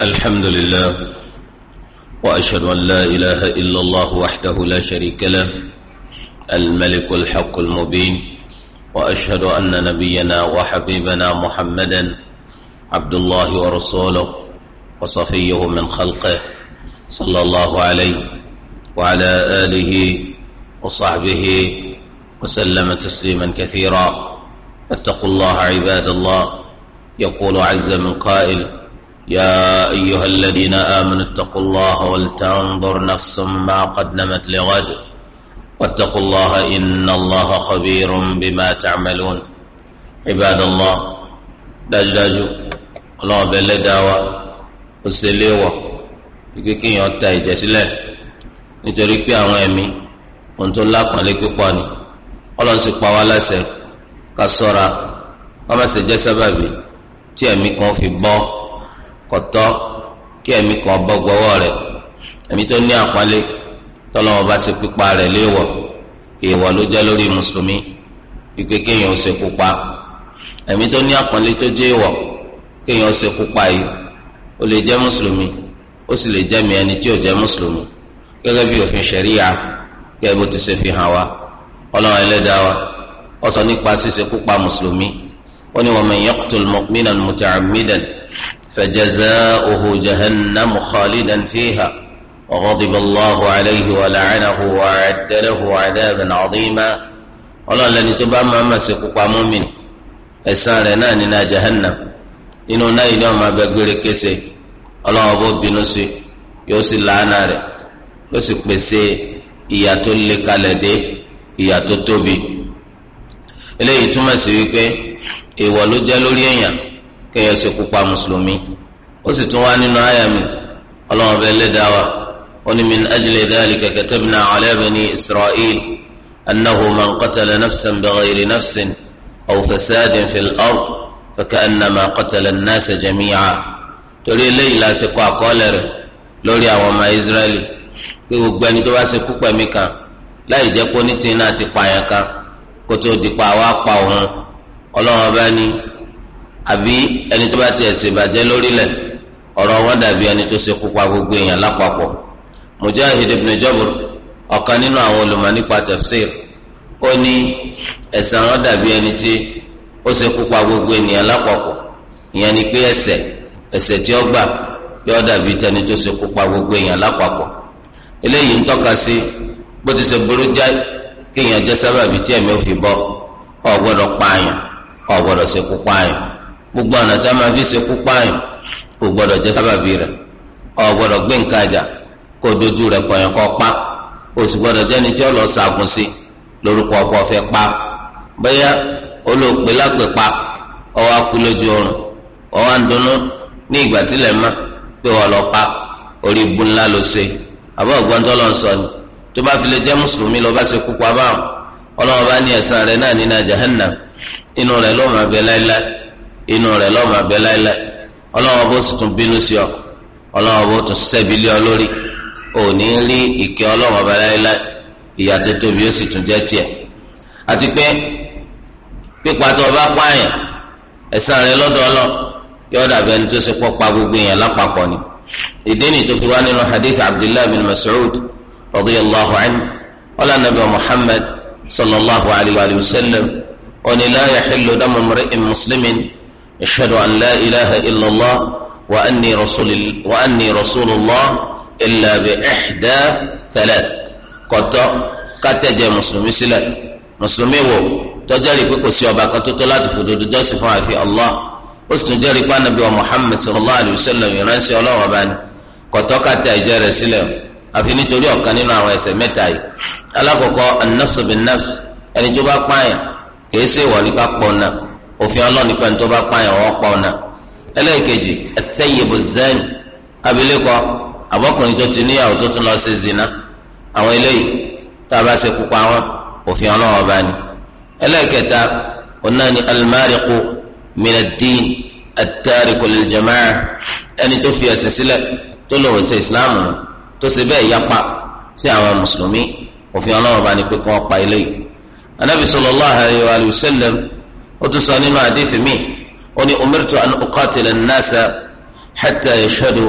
الحمد لله وأشهد أن لا إله إلا الله وحده لا شريك له الملك الحق المبين وأشهد أن نبينا وحبيبنا محمدا عبد الله ورسوله وصفيه من خلقه صلى الله عليه وعلى آله وصحبه وسلم تسليما كثيرا فاتقوا الله عباد الله يقول عز من قائل يا أيها الذين آمنوا اتقوا الله ولتنظر نفس ما قدمت لغد واتقوا الله إن الله خبير بما تعملون عباد الله داج داج الله بل دعوة وسليوة kíkín yọ جسلا ìjẹ sílẹ̀ nítorí pé àwọn ẹ̀mí ohun tó lápọnlé pípọ ni Ọlọ́run sì pa wá láṣẹ ká ṣọ́ra ká kọtọ kí ẹ̀mí kan bọ́ gbọ́wọ́ rẹ̀ ẹ̀mí tó ní àpọ́nlé tọ́lọ́wọ́ bá ṣe pípa rẹ̀ léèwọ̀ èèwọ̀ ló jẹ́ lórí mùsùlùmí wípé kéèyàn ó ṣe pupa ẹ̀mí tó ní àpọ́nlé tó jẹ́ èèwọ̀ kéèyàn ó ṣe pupa yìí ó lè jẹ́ mùsùlùmí ó sì lè jẹ́ mi ẹni tí ò jẹ́ mùsùlùmí gẹ́gẹ́ bí òfin ṣẹ̀ríya gẹ́gẹ́ bó ti ṣe fi hàn wa ọlọ́run ẹlẹ́dàá wa ó nípa ṣíṣe pupa mùsùlùmí ó ní wa man yaqtul mu'minan فجزاؤه جهنم خالدا فيها وغضب الله عليه ولعنه وأعد له عذابا عظيما ọlọ́run lẹni tó bá máa ma ṣe pupa mọ́mìn ẹ̀san rẹ̀ náà nínú jahannam inú náà yìí ni wọ́n máa bẹ gbére kése ọlọ́run bó bínú sí yóò sì làánà rẹ̀ yóò sì pèsè ìyà tó lé kalẹ̀ dé ìyà tó tóbi eléyìí túmọ̀ sí wípé ìwọ ló jẹ́ lórí èèyàn kéèyàn ṣe kú pa mùsùlùmí ó sì tún wá nínú àyà mi ọlọ́run ọbẹ̀ ẹlẹ́dàá wa ó ní min ajli dhalika katabna ala bani isra'il annahu man qatala nafsan bighayri nafsin aw fasadin fil ard faka'annama qatala an-nasa jami'a torí eléyìí la ṣe kọ àkọọ́lẹ̀ rẹ̀ lórí àwọn ọmọ israẹli pé gbogbo ẹni tó bá ṣe kú pẹ̀mí kan láì jẹ́ pé onítìyín náà ti pààyàn kan kó tó di pa àwa pa òun ọlọ́run ọba ní àbí ẹni tó bá tiẹ̀ ṣe bàjẹ́ lórílẹ̀ ọ̀rọ̀ wọn dàbí ẹni tó ṣe kópa gbogbo èèyàn lápapọ̀ mujahid ibn jabr ọ̀kan nínú àwọn olùmọ̀ nípa tafsir ó ní ẹ̀san wọn dàbí ẹni tí ó ṣe kópa gbogbo ènìyàn lápapọ̀ ìyẹn ni pé ẹ̀ṣẹ̀ ẹ̀ṣẹ̀ tí ó gbà yóò dàbí tẹni tó ṣe kópa gbogbo èèyàn lápapọ̀ eléyìí ń tọ́ka sí bó ti ṣe burú já kéèyàn jẹ́ sábàbí tí ẹ̀mí ò fi bọ́ ọ̀ pààyàn ọ̀ ṣe kópa àyàn gbogbo ọ̀nà tí a máa fi ṣekú pààyàn kò gbọdọ̀ jẹ́ sábàbí rẹ̀ ọ̀ gbọdọ̀ gbé nǹkan àjà kó dojú rẹ̀ kọ́ pa o sì gbọdọ̀ jẹ́ni tí lọ sí lórúkọ fẹ́ pa olóògbé lápè pa ọwọ́ ọwọ́ ní ìgbà tílẹ̀ mọ́ pé wọ́n lọ pa orí ibu ńlá ló ṣe àbọ̀ lọ sọ ni tó bá fi lè jẹ́ pa inú rẹ̀ lọ́ọ́ máa bẹ láìláì ọlọ́wọ́ bó sì tún bínú sí ọ ọlọ́wọ́ bó tún sẹ́bílé ọ lórí òní rí ìkẹ́ ọlọ́wọ́ bẹ láìláì ìyà tó tóbi ó sì tún jẹ́ tiẹ̀ àti pé pípa tó o bá pààyàn ẹ̀san rẹ̀ lọ́dọ̀ ọlọ́ yóò dàbẹ̀ ní tó ṣe pọ́ gbogbo èèyàn lápapọ̀ ni ìdí ni tó fi wá nínú hadith abdullahi bin mas'ud radiyallahu anhu wala nabi muhammad sallallahu alayhi wa sallam ó ní la yahillu damu muslimin. أشهد أن لا إله إلا الله وأني رسول وأني رسول الله إلا بإحدى ثلاث kọtọ kátẹjẹ mùsùlùmí sílẹ̀ mùsùlùmí wo tó jẹ́rìí pé kò sí ọba kan tó tọ́ láti fòdodo jọ́sìn fún àfi Allah ó sì tún jẹ́rìí pé anabi wa Muhammad sallallahu alayhi wa sallam ìránṣẹ́ Ọlọ́run ọba ni kọtọ kátẹjẹ rẹ̀ sílẹ̀ àfi nítorí ọ̀kan nínú àwọn ẹ̀ṣẹ̀ mẹ́ta yìí alákọ̀ọ́kọ́ an-nafsu bin-nafs ẹni tó bá pààyàn kì í ṣe ìwọ ní ká pọ̀ náà òfin ọlọ́ọ̀ni pẹ̀lú tó bá pààyàn wọ́n pa ọ̀nà ẹlẹ́ẹ̀kejì ẹ̀tẹ́yẹ̀bù zẹ́ni abilékọ abọ́kùnrin tó ti níyàwó tó tún lọ sí zina àwọn eléyìí tá a bá ṣe kú pa wọn òfin ọlọ́wọ́ bá ní. ẹlẹ́ẹ̀kẹta onáni alimárikù mìíràn àtàríkù lìjàmáà ẹni tó fi ẹ̀sìn sílẹ̀ tó lò wọ́n ṣe ìsìláàmù wọn tó ṣe bẹ́ẹ̀ yapa sí àwọn mùsùlùmí òfin ọlọ́wọ́ bá ní pé kí wọ́n pa eléyìí. anabi sallallahu ó tún sọ nínú àdéhìí mi ó ní umirtu an uqatila an-nasa hatta yashhadu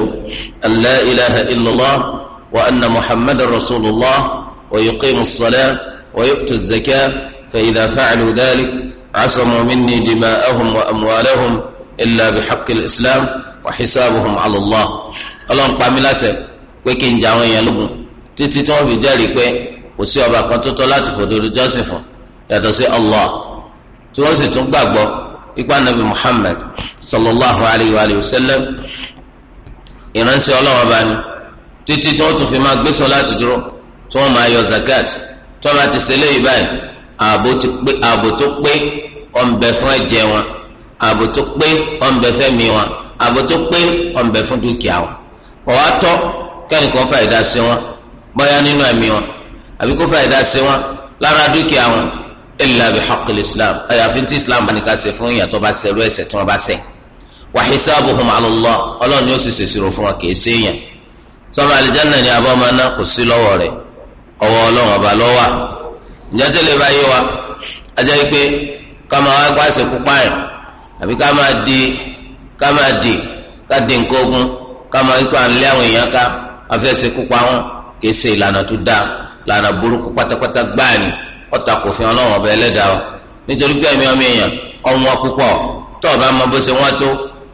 an la ilaha illallah wa anna muhammadan rasulullah wa yuqimu as-salah wa yu'tu az-zakah fa idha fa'alu dhalik عصموا مني دماءهم وأموالهم إلا بحق الإسلام وحسابهم على الله ọlọ́run pa mí láṣẹ pé kí n jà àwọn èèyàn lógun títí tí wọ́n fi jẹ́rìí pé kò sí ọba kan tó tọ́ láti fòdodo jọ́sìn fún yàtọ̀ sí Allah tí wọ́n sì tún gbàgbọ́ ipa nabi muhammad sallallahu alayhi wa sallam ìránṣẹ́ ọlọ́wọ́ bá ní títí tí wọ́n tún fi máa gbé láti dúró tí wọ́n máa yọ zakat tí wọ́n bá ti ṣe léyìí báyìí ààbò tó pé ọ̀nbẹ fún ẹ̀jẹ̀ wọn ààbò tó pé wọn ààbò tó pé fún dúkìá wọn ọ̀wá tọ́ wọn bọ́yá illa bihaqqil islam àyàfi tí islam bá ní ká ṣe fún yín tó bá ṣẹrú ẹ̀ṣẹ̀ tí wọ́n bá ṣẹ̀ wa hisabuhum ala Allah Ọlọ́run yóò sì ṣèṣirò fún alijanna ni abọ́ máa ná kò sí lọ́wọ́ rẹ̀ ọwọ́ Ọlọ́run ọba lọ́wọ́ wa ajá yìí pé ká di ọ̀tà kò fi ọlọ́wọ́ ọbẹ̀ ẹlẹ́dàá o nítorí pé ẹ̀mí ọmọ èèyàn ọ̀wọ́n púpọ̀ tó o bá mọ bó ṣe wọ́n tó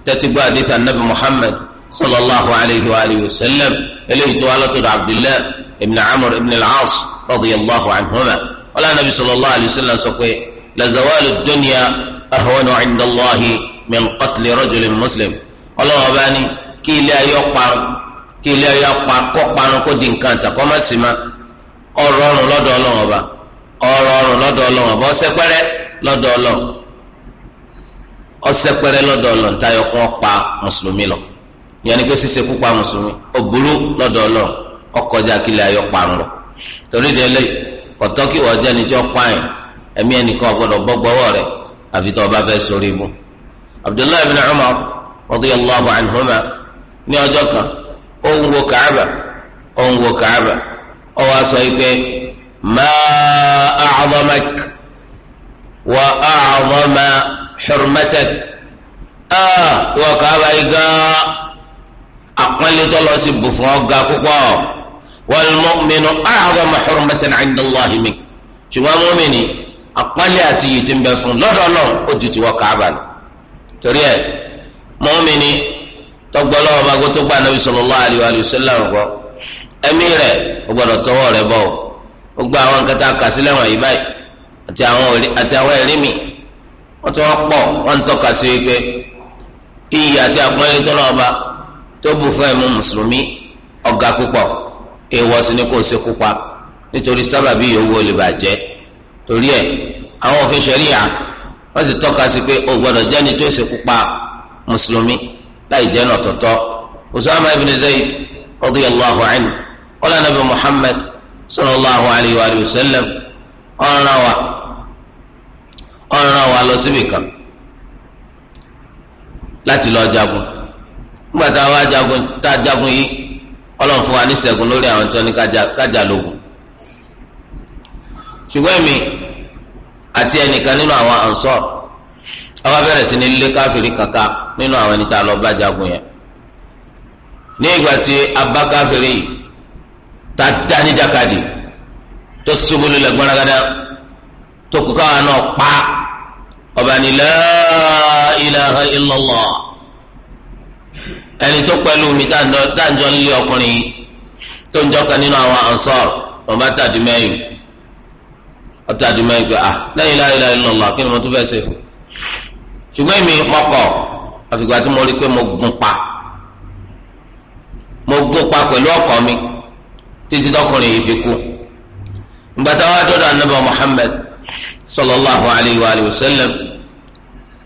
tẹ́tí gbọ́ àdéhùn anabi muhammed sallallahu alayhi wa alihi wa sallam eléyìí tó wà látọ̀dọ̀ abdullahi ibn amr ibn al-as radiyallahu anhuma ọlọ́run nabi sallallahu alayhi wa sallam sọ pé lazawalu dunya ahwanu indallahi min qatli rajulin muslim ọlọ́run ọba ni kí ilé ayé ọparun kí ilé kó parun kó má sì má ọ̀rọ̀ lọ́dọ̀ ọlọ́run ọba. ọrụ ọrụ lọ́dọ̀ Ọlọ́run àbọ ọsẹpẹrẹ lọ́dọ̀ Ọlọ́run ọsẹpẹrẹ lọ́dọ̀ Ọlọ́run táyọ kún ọpa mùsùlùmí lọ ìyẹn ni pé ṣíṣe púpà mùsùlùmí ó burú lọ́dọ̀ Ọlọ́run ọkọjá kílẹ ayọ parun lọ torí délé kọtọkì jẹ níjọ pààyàn ẹnìkan gbọgbọwọ rẹ àfi tó ọba sórí Abdullahi bin ní kan ó ń wo ó ń wo ó wá sọ yìí pé. ما أعظمك وأعظم حرمتك آه وكابيكا أقل تلوسي بفوقا كوكو والمؤمن أعظم حرمة عند الله منك شو مؤمني أقل أتي تنبفون لا لا لا أجت وكعبا تريد مؤمني تقبل الله بقول تقبل النبي صلى الله عليه وآله وسلم أميره أقبل التواري بقول gbogbo àwọn nǹkan tá a kà sílẹ̀ wọ̀nyí báyìí àti àwọn ẹ̀rí mi wọ́n ti wọ́n pọ̀ wọ́n ń tọ́ka sí pé iyì àti àpọ́nlé tó náà bá tó bù fún ẹ̀mú mùsùlùmí ọ̀gá púpọ̀ èèwọ̀ sí ni kò ṣe kópa nítorí sábàbí ìyówó lè bàjẹ́ torí ẹ̀ àwọn òfin ṣẹ̀ríyà wọ́n sì tọ́ka sí pé o gbọ́dọ̀ jẹ́ni tó ṣe kópa mùsùlùmí láì jẹ́ náà tọ̀tọ̀ Usama ibn Zayd radiyallahu anhu qala nabi Muhammad sallallahu alayhi wa sallam ọ̀ràn wa ọ̀ràn wa lọ síbi kan láti lọ jagun nígbà tá a jagun tá a jagun yìí ọlọ́run fún wa ní ṣẹ́gun lórí àwọn tó ní kájà lógun ṣùgbọ́n èmi àti ẹnìkan nínú àwọn ansọ́ọ̀ àwa bẹ̀rẹ̀ sí ní tá a dá níjàkadì tó ṣubúlù lẹ gbọ́nagada tó kú káwọn náà pa ọba ní la ilaha illallah ẹni tó pẹ̀lú mi dáńjọ́ nílé ọkùnrin yìí tó ń jọ́ka nínú àwọn ansar ọba tàdí mẹ́yìn pé ah la ilaha illallah kí ni mo tún fẹ́ ṣe fún ṣùgbọ́n èmi mọ́kọ̀ àfìgbà tí mo rí i pé mo gun pa mo gun pa pẹ̀lú ọkọ̀ mi. títí tọkùnrin yìí fi ku. ngbàtà wa dọ̀dọ̀ anabi muhammed sallallahu alayhi wa sallam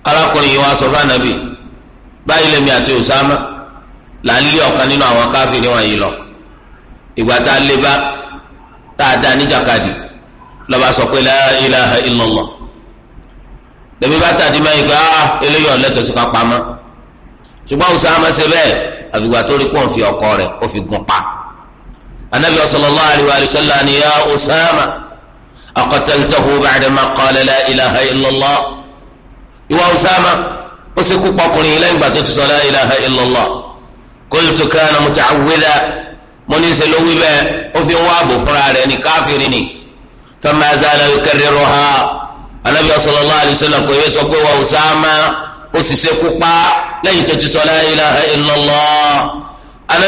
Ala yìí wá sọ fún anabi báyìí lèmi àti usama là ń lé ọ̀kan nínú àwọn káfíìnì wọ̀nyí lọ ìgbà tá a lé bá tá a dá níjàkadì la ilaha illallah lèmi bá tàdí mẹ́yìn pé ah eléyìí ọ̀lẹ́tọ̀ sí ká pamọ́ ṣùgbọ́n usama ṣe bẹ́ẹ̀ àfìgbà tó rí pọ́ǹfì ọkọ rẹ̀ ó fi gun pa. anabi sallallahu alayhi wa sallam ni ya usama aqataltahu ba'da ma qala la ilaha illallah ìwà usama ó sì kú pọkùnrin lẹ́yìn gbàtó ti sọ la ilaha illallah qultu kana muta'awwida mo ní sẹ lówí bẹ́ẹ̀ ó fi ń wá àbò fúnra rẹ̀ ní káfírin ni fama zala yukarriruha anabi sallallahu alayhi wa sallam kò yẹ sọ pé wa usama ó sì ṣe kú pa lẹ́yìn tó ti sọ la ilaha illallah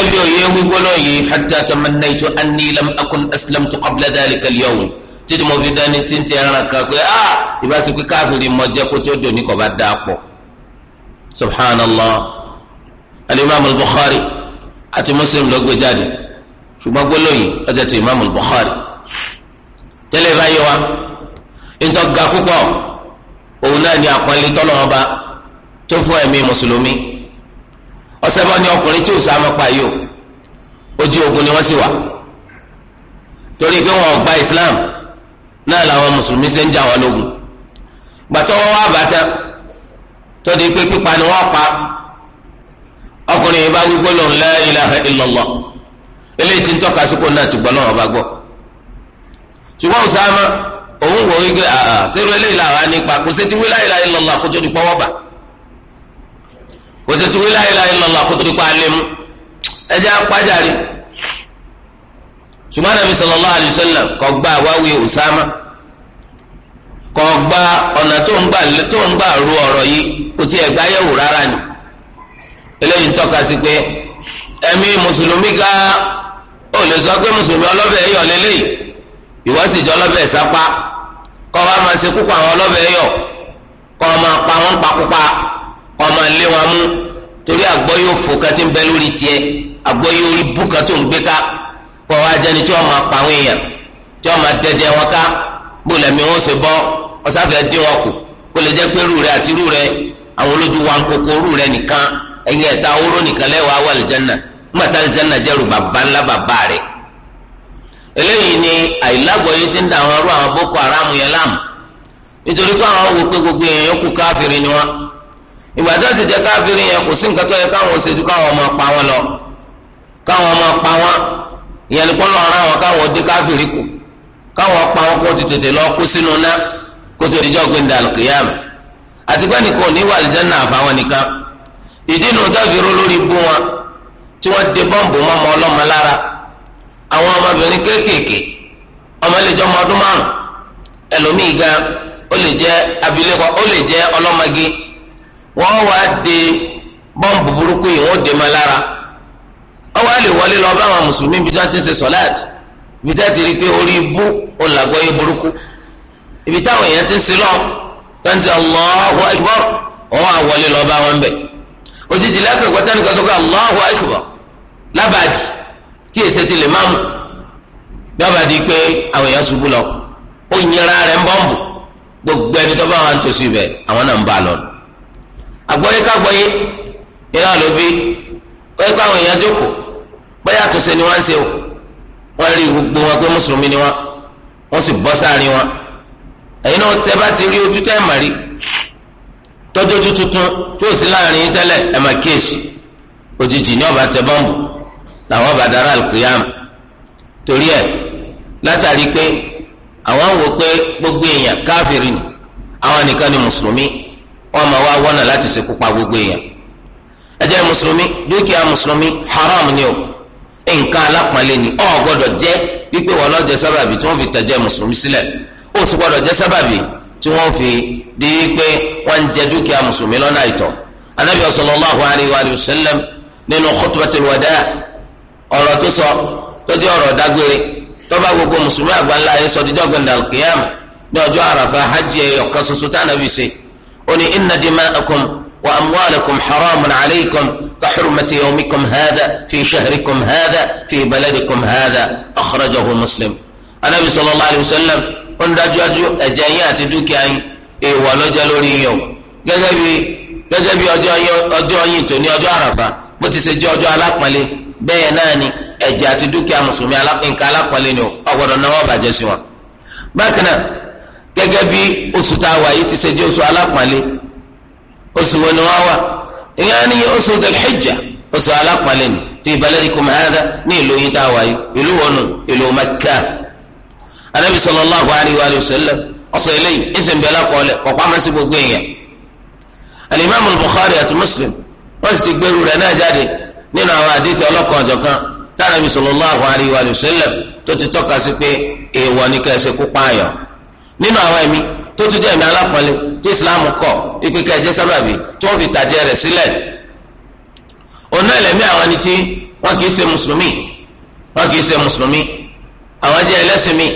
anabi òye wígbóná yìí hatta tamannaytu anni lam akun aslamtu qabla dhalika al-yawm títí mo fi dání títí ẹran kan pé a ah, ìbáṣe pé káfíìrì mọ jẹ kó tó dòní kò bá dáa pọ subhanallah alimami al-bukhari àti muslim ló gbé jáde ṣùgbọ́n gbólóyìn ọjà tó imam al-bukhari tẹ́lẹ̀ báyìí wa ìtọ́ga púpọ̀ òun náà ni àpọ́nlé tọ́lọ́wọ́ba tó fún ẹ̀mí mùsùlùmí ọ̀sẹ̀ bọ́ ni ọkùnrin tí ò sá mọ́ pa yìí o ojú ogun ni wọ́n sì wà torí pé wọn ò Islam náà làwọn mùsùlùmí ṣe ń jà wọn lógun gbàtọ́ wọn wá bàtà tó di pé pípa ni wọ́n pa ọkùnrin yìí bá wí gbólóhùn la ilaha illallah eléyìí tí ń tọ́ka sípò náà ti gbọ́ náà wọ́n bá gbọ́ ṣùgbọ́n Usama òun wò ó gbé ṣé irú eléyìí làwọn á nípa kò sí ti wí la ilaha illallah kó tó di pọ́wọ́ kò sì ti wí la ilaha illallah kó tó di pa alẹ́ mu ẹ jẹ́ apájàre ṣùgbọ́n Nabi sallallahu alayhi wa sallam kọ́ gba àwáwí Usama kọ́ gba ọ̀nà tó ń gbà tó ń gbà ru ọ̀rọ̀ yìí kò tiẹ̀ gbá yẹ̀wò rárá ni eléyìí ń tọ́ka sí pé ẹ̀mí mùsùlùmí ká ó lè sọ pé mùsùlùmí ọlọ́bẹ̀ ẹ̀yọ̀ lélẹ́yìí ìwọ jọ ọlọ́bẹ̀ sápá kọ́ wa máa ṣe kúkú àwọn ọlọ́bẹ̀ ẹ̀yọ̀ kọ́ ọ máa pa wọ́n pakúpa. Pa ọmọ ilé wa mú torí àgbọ̀ yóò fò kàtí ń bẹ lórí tiẹ̀ àgbọ̀ yóò rí búkà tó ń gbé ká kọ́ wa tí wọ́n máa èèyàn tí wọ́n máa wọn ká bó lẹ́mí wọn bọ́ ọ̀sáfẹ́ dín wọn kù kó lè jẹ́ pé wa ń rú rẹ nìkan ẹ̀ta oró nìkan ni ti ń dà wọn rú àwọn Boko Haram yẹn láàmú nítorí pé àwọn wò pé gbogbo èèyàn ìgbà tó sì jẹ́ káfíìrì yẹn kò sí nǹkan tó yẹ káwọn ṣe ju káwọn ọmọ pa wọn lọ káwọn ọmọ pa wọn ìyẹn ni kó lọ ra wọn káwọn dé káfíìrì kù káwọn pa wọn kó ti tètè lọ kó sínú ná kó tó ìdíjọ́ gbé ndàlù kìyàmù àti pé nìkan ò ní wà àlùjánnà àfàwọn nìkan ìdí nu dáfíró lórí bú wọn tí wọ́n dé bọ́ǹbù mọ́mọ́ ọlọ́mọ lára àwọn ọmọbìnrin kéékèèké ọmọ lè ẹlòmíì gan ó lè jẹ abilékọ ó lè jẹ ọlọ́mọge wọ́n wá de bọ́ǹbù burúkú yìí wọ́n de ma lára ọwọ́ àlè wọlé lọ bá àwọn mùsùlùmí ibi tí wọ́n ti ń ṣe sọ́láàtì ibi tí wọ́n ti rí pé orí bú ọ̀làgbọ́ yẹ burúkú ibi táwọn èèyàn ti ń ṣe lọ tán ti Allahu Akbar ọwọ́ lọ bá wọn bẹ̀ òjijì lẹ́kọ̀ọ́ lábàdì tí èsè ti lè agbọ́yé kágbọ́yé iná ló bí wọ́n yẹ kó àwọn èèyàn jókòó bóyá àtúnṣe ni wọ́n ń ṣe o wọ́n rí gbogbo wọn pé mùsùlùmí ni wọ́n wọ́n sì bọ́ sáàrin wọn ẹ̀yin náà tẹ́ bá ti rí ojú tẹ́ ẹ̀ mà rí tọ́jú ojú tuntun tó sì láàrin yín tẹ́lẹ̀ ẹ̀ mà kíyèsí òjijì ní ọba tẹ bọ́ǹbù làwọn ọba dára àlùkìyàmù torí ẹ̀ látàrí pé àwọn wò pé gbogbo èèyàn káfírin àwọn nìkan ni mùsùlùmí wọn máa lọ́nà láti ṣekú pa gbogbo èèyàn ẹ̀jẹ̀ mùsùlùmí dúkìá mùsùlùmí haram ni o nǹkan alápọ̀nlé ni ọ̀ gbọ́dọ̀ jẹ́ wípé wọ́n lọ́jẹ́ sábàbí tí wọ́n fi tẹ̀jẹ̀ mùsùlùmí sílẹ̀ ó sì gbọ́dọ̀ jẹ́ sábàbí tí wọ́n fi di pé wọ́n ń jẹ dúkìá mùsùlùmí lọ́nà àìtọ́ anabi sallallahu alayhi wa sallam nínú khutbatul wada ọ̀rọ̀ tó sọ tó jẹ́ ọ̀rọ̀ dágbére tó bá gbogbo mùsùlùmí àgbáńlá yẹn sọ dídọ́gbọ̀ndàlùkìyàmù oni inna dima'akum وأموالكم حرام عليكم كحرمة يومكم هذا في شهركم هذا في بلدكم هذا أخرجه مسلم النبي صلى الله عليه وسلم ń dájúdájú ẹ̀jẹ̀ yín àti dúkìá yín èèwọ̀ ló jẹ́ lórí yín o gẹ́gẹ́ bí gẹ́gẹ́ bí ọjọ́ yín tó ní ọjọ́ àràfà bó ti ṣe jẹ́ ọjọ́ alápọ̀nlé bẹ́ẹ̀ náà ni ẹ̀jẹ̀ àti dúkìá mùsùlùmí nǹkan alápọ̀nlé ni o náà wọ́n bàjẹ́ sí wọn. bákan náà gẹ́gẹ́ bí oṣù tá a wà yìí ti ṣe jẹ́ oṣù alápọ̀nlé oṣù wo ni wọ́n wà ìyá ni oṣù Dhul-Hijjah oṣù alápọ̀nlé ni ti baladikum hada ní ìlú yìí tá a wà yìí ìlú wọnú ìlú Mẹ́kà anabi sallallahu alayhi wa sallam ọsọ eléyìí ẹsẹ̀ ń bẹ lákọọ́lẹ̀ kọ̀ọ̀pá gbogbo èèyàn alimami Bukhari àti Muslim wọ́n ti gbèrú rẹ̀ náà jáde nínú àwọn àdìtì ọlọ́kan ọ̀jọ̀kan tá anabi sallallahu alayhi wa sallam tó ti tọ́ka nínú àwọn ẹ̀mí tó tún jẹ́ ẹ̀mí alápọ̀nlé tí islam kọ̀ ikú kẹjẹ sábàbí tí wọ́n fi tàjẹ́ rẹ̀ sílẹ̀ ọ̀nà ẹlẹ́mí àwọn ẹni tí wọ́n kì í ṣe mùsùlùmí wọ́n kì í ṣe mùsùlùmí àwọn jẹ́ ẹlẹ́sìn mi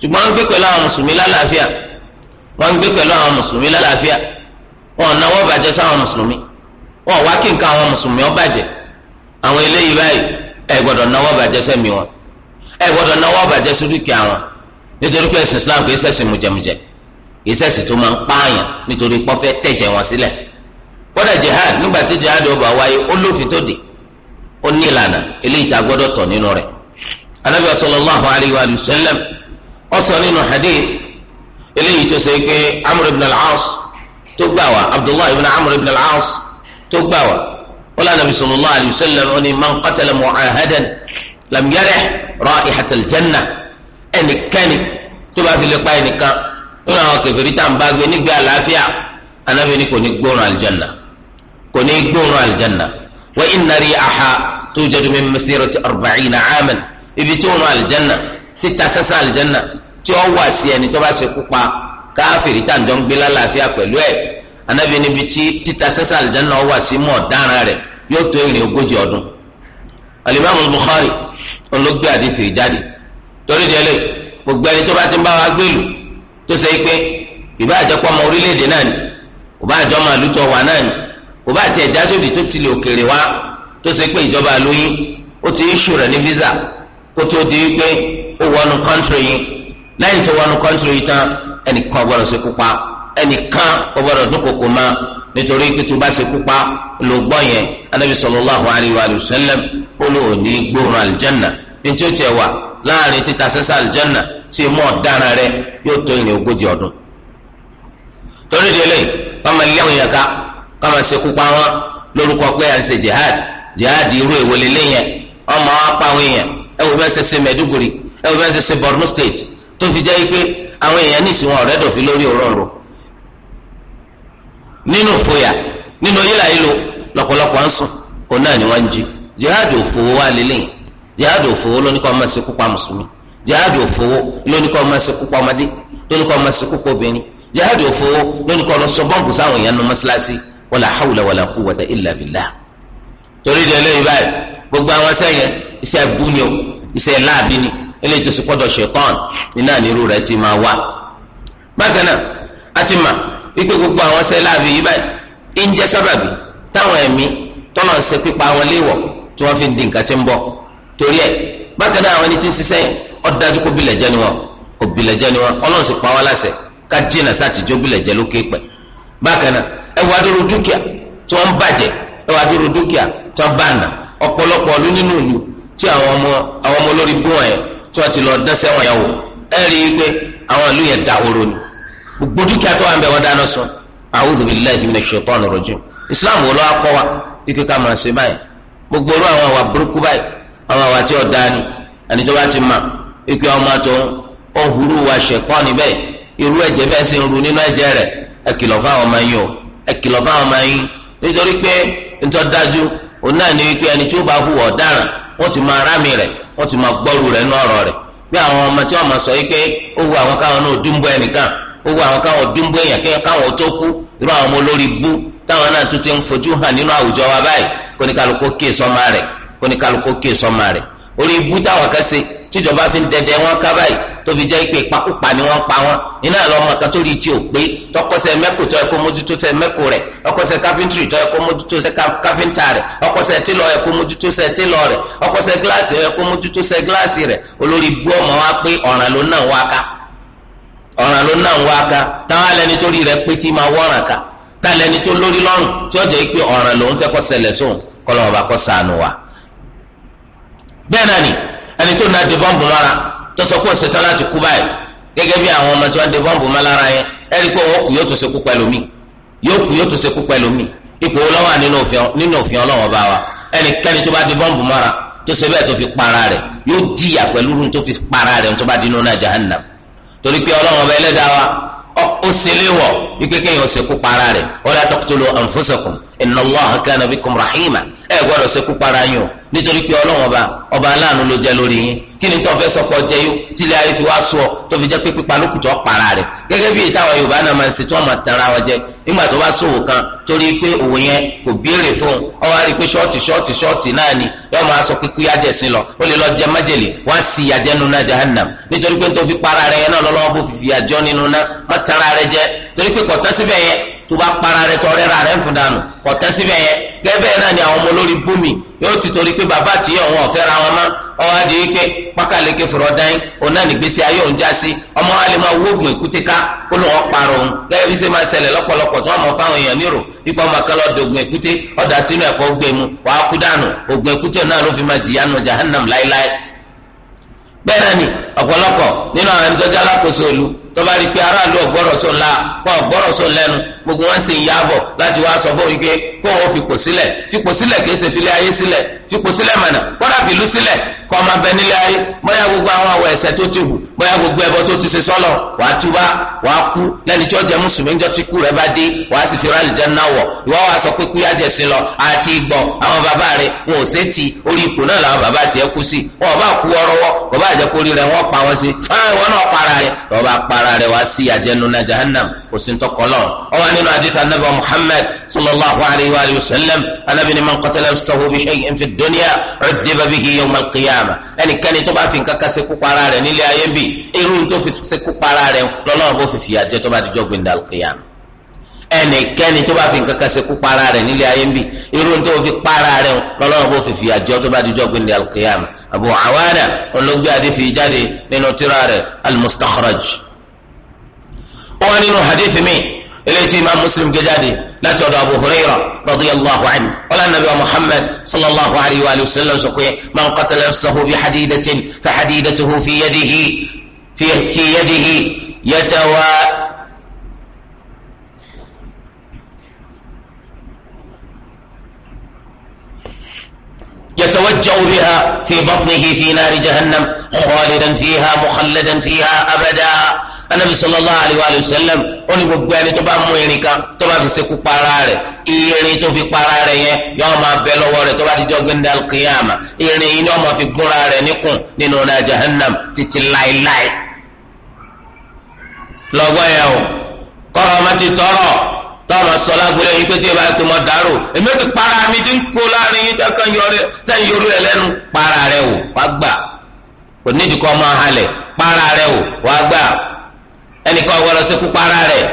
ṣùgbọ́n wọ́n ń gbé pẹ̀lú àwọn mùsùlùmí lálàáfíà wọ́n ń gbé pẹ̀lú àwọn mùsùlùmí lálàáfíà wọn ò náwó bàjẹ́ sáwọn mùsùlùmí wọn wá kí nǹkan àwọn mùsùlùmí ó bàjẹ́ àwọn eléyìí báyìí ẹ gbọ́dọ̀ náwó bàjẹ́ sẹ́mi wọn ẹ gbọ́dọ̀ náwó bàjẹ́ sí dúkìá wọn nítorí pé ẹ̀sìn islam kò í ṣẹ̀sìn mùjẹmùjẹ kì í ṣẹ̀sìn tó máa ń pààyàn nítorí pọ́fẹ́ tẹ̀jẹ̀ wọn sílẹ̀ kódà jihad nígbà tí jihad ọba wáyé ó lófin tó dé ó ní ìlànà eléyìí tá a gbọ́dọ̀ tọ̀ nínú rẹ̀ anabi sallallahu alayhi wa sallam ó sọ nínú hadith eléyìí tó ṣe pé amr ibn al-aas tó gbà wá abdullahi ibn amr ibn al-aas tó gbà wá wọ́n anabi sallallahu alayhi wa sallam ó ní man qatala mu'ahadan lam jannah ẹnikẹ́ni tó bá fi lè pa ẹnìkan nínú àwọn kèfèrí tá à ń bá gbé nígbà àlàáfíà anábì ni kò ní gbóòórùn àlìjánà kò ní gbóòórùn àlìjánà wa inna ri'aha tujadu min masirati arba'ina 'aman ibi tí òórùn àlìjánà títa sẹ́sà àlìjánà tí ó wà sí ẹni tó bá ṣe kú pa káfìrí tá à ń jọ ń gbé lálàáfíà pẹ̀lú ẹ̀ anábì níbi tí títa sẹ́sà àlìjánà ó wà sí mọ́ ọ̀daràn rẹ̀ yóò tó ìrìn ogójì ọdún alimami Bukhari olóògbé àdìsí jáde torí délé gbogbo ẹni tó bá ti ń bá wa gbèlú tó ṣe pé ìbá àjọpọ̀ ọmọ orílẹ̀-èdè náà ni kò bá àjọ máa lútọ̀ wà náà ni kò bá àti ẹ̀já jòdì tó ti lè òkèèrè wá tó ṣe pé ìjọba lóyún ó ti iṣu rẹ̀ ní visa kó tó di pé ó wọnú kọ́ńtìrì yìí lẹ́yìn tó wọnú kọ́ńtìrì yìí tán ẹnìkan gbọ́dọ̀ ṣe kópa ẹnìkan gbọ́dọ̀ dúnkòkò máa nítorí pé tó bá ṣe kópa ló gbọ́ yẹn anabi sallallahu láàrin títa sẹ́sẹ́ àlùjẹ́nà tí imú dára rẹ yóò tó ìrìn ogójì ọdún. torí délé kọ́mọ ilé àwọn èèyàn ká kọ́mọ ṣekú pa jihad jihad irú ìwọlé léyìn ọmọ wa pa àwọn èèyàn ẹ wò bẹ́ẹ̀ ṣe ṣe ẹ wò bẹ́ẹ̀ Borno State tó fi jẹ́ pé àwọn èèyàn ní ìsìn wọn ọ̀rẹ́ lórí òróǹro nínú nínú lọ́pọ̀lọpọ̀ ń sùn náà ni wọ́n ń jí jihad jihadi òfowó lóníkọ́ ọmọ sí kúpa mùsùlùmí jihadi òfowó lóníkọ́ ọmọ sí kúpa ọmọdé lóníkọ́ ọmọ sí kúpa obìnrin jihadi òfowó lóníkọ́ ọlọ́ sọ bọ́ǹbù sáwọn èèyàn nu mọ́sálásí wala hawla wala quwwata illa billah. torí ìdí ẹlẹ́yìn báyìí gbogbo àwọn sẹ́yìn iṣẹ́ bú ni o iṣẹ́ láàbí ni eléyìí tó sì kọ́dọ̀ ṣetán nínú àníru rẹ̀ ti máa wá. bákan náà a ti mà torí ẹ bákan náà àwọn ẹni tí ń ṣiṣẹ́ yẹn dájú kó bilẹ̀ jẹ́ ni wọn kò bilẹ̀ jẹ́ ni wọn ọlọ́run sì pa wá láṣẹ ká jìnnà sátìjọ́ bilẹ̀ jẹ́ lókè pẹ̀ bákan náà ẹ dúkìá tí wọ́n ń bàjẹ́ dúkìá tí wọ́n ọ̀pọ̀lọpọ̀ ọdún nínú ìlú tí àwọn àwọn ọmọ olórí bú tí wọ́n ti wò ẹ i pé àwọn ìlú yẹn ni àwọn àwa tí ọ̀dà ni ẹni tó bá ti mà ikú ọmọ tó ó hurú wa ṣẹ̀pọ̀ níbẹ irú ẹ̀jẹ̀ bẹ́ẹ̀ sì ń ru nínú ẹ̀jẹ̀ rẹ̀ fáwọn ọmọ yín o ẹ fáwọn ọmọ yín nítorí pé ntọ́ dájú òun náà ní wípé ẹni tí ó bá hùwà ọ̀daràn wọ́n ti máa rámì rẹ̀ wọ́n sọ wípé ó wu àwọn káwọn náà ẹnìkan ó wu àwọn káwọn èèyàn káwọn tó kú irú àwọn ọmọ olórí bú táwọn náà oníkálukú kí sọmọ rẹ̀ orí ibú táwọn kan ṣe tíjọba fi ń dẹdẹ wọn ká báyìí tó fi jẹ́ pé pakúpa ni wọ́n pa wọn iná lọ́mọ kan tó rí tí ò pé tọkọsẹ mẹ́kò tó yẹ kó mójútó sẹ mẹ́kò rẹ̀ ọkọsẹ káfíńtìrì tó yẹ kó mójútó sẹ káfíńtà rẹ̀ ọkọsẹ tílọ̀ yẹ kó mójútó sẹ tílọ̀ rẹ̀ ọkọsẹ gíláàsì yẹ kó mójútó sẹ gíláàsì rẹ̀ olórí ibú ọmọ wa pé ọ̀ràn ló náà wá ká ọ̀ràn ló náà wá ká táwọn alẹ́ni bẹ́ẹ̀ náà ni ẹni tó na de bọ́ǹbù mọ́ra tó sọ pé òṣètò láti kú báyìí gẹ́gẹ́ bí àwọn ọmọ tí wọ́n de bọ́ǹbù mọ́ lára yẹn ẹ̀rí pé wọ́n kú yóò tún ṣekú pẹ̀lú mi yóò kú yóò tún ṣekú pẹ̀lú mi ipò wo lọ́wọ́ nínú òfin ọlọ́wọ́ bá wa ẹnikẹ́ni tó bá de bọ́ǹbù mọ́ra tó ṣe bẹ́ẹ̀ tó fi para rẹ̀ yóò jìyà pẹ̀lú run tó fi para rẹ̀ tó bá dinú náà jahannam torí pé ọlọ́wọ́ bá ẹlẹ́dàá wa ó ṣe léwọ̀ wípé kéèyàn ó ṣekú para rẹ̀ wala inna Allaha kana bikum rahima ẹ gbọ́dọ̀ ṣekú para yín o nítorí pé Ọlọ́run ọba ọba aláàánú ló jẹ́ lórí yín kí ni tó fẹ́ sọpọ̀ jẹ́ yó tílé ayé fi wá sọ tó fi jẹ́ pé pípa lókùtọ̀ para rẹ̀ gẹ́gẹ́ bí ìtawọ̀ Yorùbá náà máa ń ṣe tí wọ́n máa tara wọn jẹ nígbà tó bá sòwò kan torí pé òwò yẹn kò béèrè fún un ọ pé ṣọ́ọ̀tì ṣọ́ọ̀tì ṣọ́ọ̀tì náà ni yóò máa sọ pé kúyà jẹ̀ sí lọ ó lè lọ jẹ májèlé wọ́n á sì yà jẹ́ jahannam nítorí pé tó para rẹ̀ yẹn náà lọ́lọ́wọ́ bó fi fìyà nínú náà má tara rẹ̀ jẹ torí pé kọ̀tán síbẹ̀ yẹn Tuba kpara para rẹ tọrẹ ra rẹ ń fún dànù kò tẹ́ síbẹ̀ yẹn gẹ́gẹ́ náà ni àwọn ọmọ olórí bùnmi yóò ti torí pé bàbá àtìyẹ òun ọ̀fẹ́ ra wọn mọ́ ọwọ́ adìyẹ pé pákàleke fọ̀rọ̀ dáin òun nígbèsè ayé òun já sí ọmọ wa máa wógun èkúté ká kó wọn òun bí máa tí fáwọn èèyàn nírò ọmọ èkúté sínú mu wàá kú ni nínú àwọn tọ́ba rí i pé aráàlú ọ̀gbọ́rọ̀ sọ ńlá kọ́ ọ̀gbọ́rọ̀ sọ lẹ́nu gbogbo wọn sì ń yáàbọ̀ láti wá sọ fún wípé kó wọn fipò sílẹ̀ fipò sílẹ̀ kì í ṣe filẹ̀ ayé sílẹ̀ fipò sílẹ̀ mọ̀nà kọ́dà fìlú sílẹ̀ kọ́ máa bẹ nílé ayé bóyá gbogbo àwọn àwọ̀ ẹ̀ṣẹ̀ tó ti hù bóyá gbogbo ẹbọ tó ti ṣe sọ́lọ̀ wàá túbá wàá kú lẹ́ni tí ó jẹ́ mùsùlùmí ńjọ́ tí kú rẹ̀ bá dé wàá sì fi ráàlì jẹ́ náwọ̀ ìwọ́ wàá sọ pé kúyà jẹ̀ sí lọ àti ìgbọ̀ àwọn bàbá rẹ̀ wọn ò sé ti orí ipò náà làwọn bàbá tiẹ̀ kú sí wọn ò bá kú ọrọ́wọ́ kò bá jẹ́ kórìí rẹ̀ wọ́n pa wọn sí wọn náà para rẹ̀ tọ́ bá para rẹ̀ wá sí àjẹnu náà jahannam kò sí ntọ́ kọ́lọ́ ọ wà nínú àdìtà nàbà Muhammad sallallahu alayhi wa sallam anabi ni man qatala nafsahu bi shay'in fi dunya al-qiyama ẹnikẹ́ni tó bá fi nǹkan kan ṣekú para rẹ̀ nílé ayé ń bì irú tó fi ṣekú para rẹ̀ lọ́lọ́run bó fi fìyà jẹ tó bá dijọ́ gbẹ̀ndà al-qiyama ẹnikẹ́ni tó bá fi nǹkan kan ṣekú para rẹ̀ nílé ayé ń bì irú tó fi para rẹ̀ lọ́lọ́run bó fi fìyà jẹ tó bá dijọ́ gbẹ̀ndà al-qiyama Abu Awana adéfi jáde nínú tírà rẹ̀ al-Mustakhraj nínú hadith mi eléyìí tí imaamu muslim gé jáde láti ọ̀dọ̀ abu huraira radiyallahu anhu wala nabi wa muhammad sallallahu alayhi wa sallam sọ pé man qatala nafsahu bi hadidatin fa hadidatuhu fi yadihi fi yadihi yatawa. يتوجأ بها في بطنه في نار جهنم خالدا فيها مخلدا فيها أبدا anabi sallallahu alayhi wa sallam ó ní gbogbo ẹni tó bá mú irin kan tó bá fi ṣekú para rẹ̀ irin tó fi para rẹ̀ yẹn yọọ máa bẹ lọ́wọ́ rẹ̀ tó bá ti jọ gbẹndé alkiyama irin yìí ni wọn máa fi gúnra rẹ̀ níkùn nínú náà jahannam títí láéláé lọgbọ yẹn o kọrọ ọmọ ti tọrọ tọrọ sọlá gbọlẹ yìí pé tí ìbá tó mọ dàrú èmi ti para mi ti ń kó láàrin yìí tẹ kàn yọrẹ tẹ ń yọrọ ẹ lẹ́nu para rẹ̀ o wàá gbà kò nídìí kọ́ máa halẹ̀ para rẹ̀ o wàá gbà. ẹnìkan ọgbọ́dọ̀ ṣekú para rẹ̀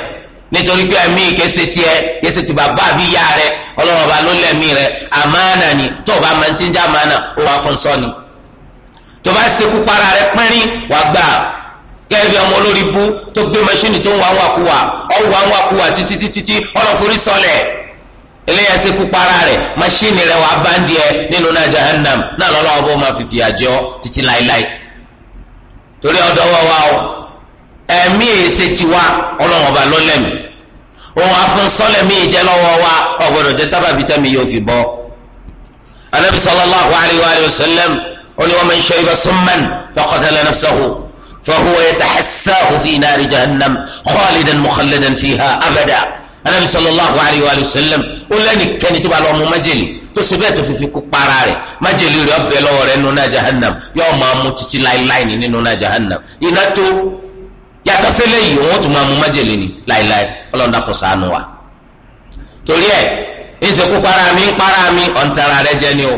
nítorí pé ẹ̀mí ìkése tiẹ̀ ti bàbá àbí ya rẹ ọlọrọ ọba ló lẹ̀mí rẹ̀ àmánà ni tó o bá máa ń ti ń jẹ́ àmánà ó wàá fún sọ́ni tó bá para rẹ̀ pínrín wà gbà kẹ́ẹ̀bí ọmọ olórí bú tó gbé tó ń títí títí sọlẹ̀ eléyà para bá ń diẹ nínú náà ẹ̀mí èsè tiwa ọlọ́run ọba ló lẹ́mí òun àfún sọ́lẹ̀mí ìjẹ́ lọ́wọ́ wa ọ̀gbọ́dọ̀ jẹ́ sábàbí tẹ́mi yóò fi bọ́ anabi sallallahu alayhi wa sallam oní wa man shariba summan faqatala nafsahu fahuwa yatahassaahu fi naari jahannam khalidan mukhalladan fiha abada anabi sallallahu alayhi wa sallam ó lẹ́ni kẹ́ni tó bá lọ́ mu májèlé tó ṣe bẹ́ẹ̀ tó fi fi kú para rẹ̀ májèlé rẹ̀ ọbẹ̀ lọ́wọ́ rẹ̀ nínú náà jahannam yóò yàtọ̀ sí léyìí wọn tún máa mú májèlé ni láéláé ọlọ́dà kò sànù wa. torí ẹ ẹsẹ kó para mi para mi ọ̀ntara rẹ jẹ ni o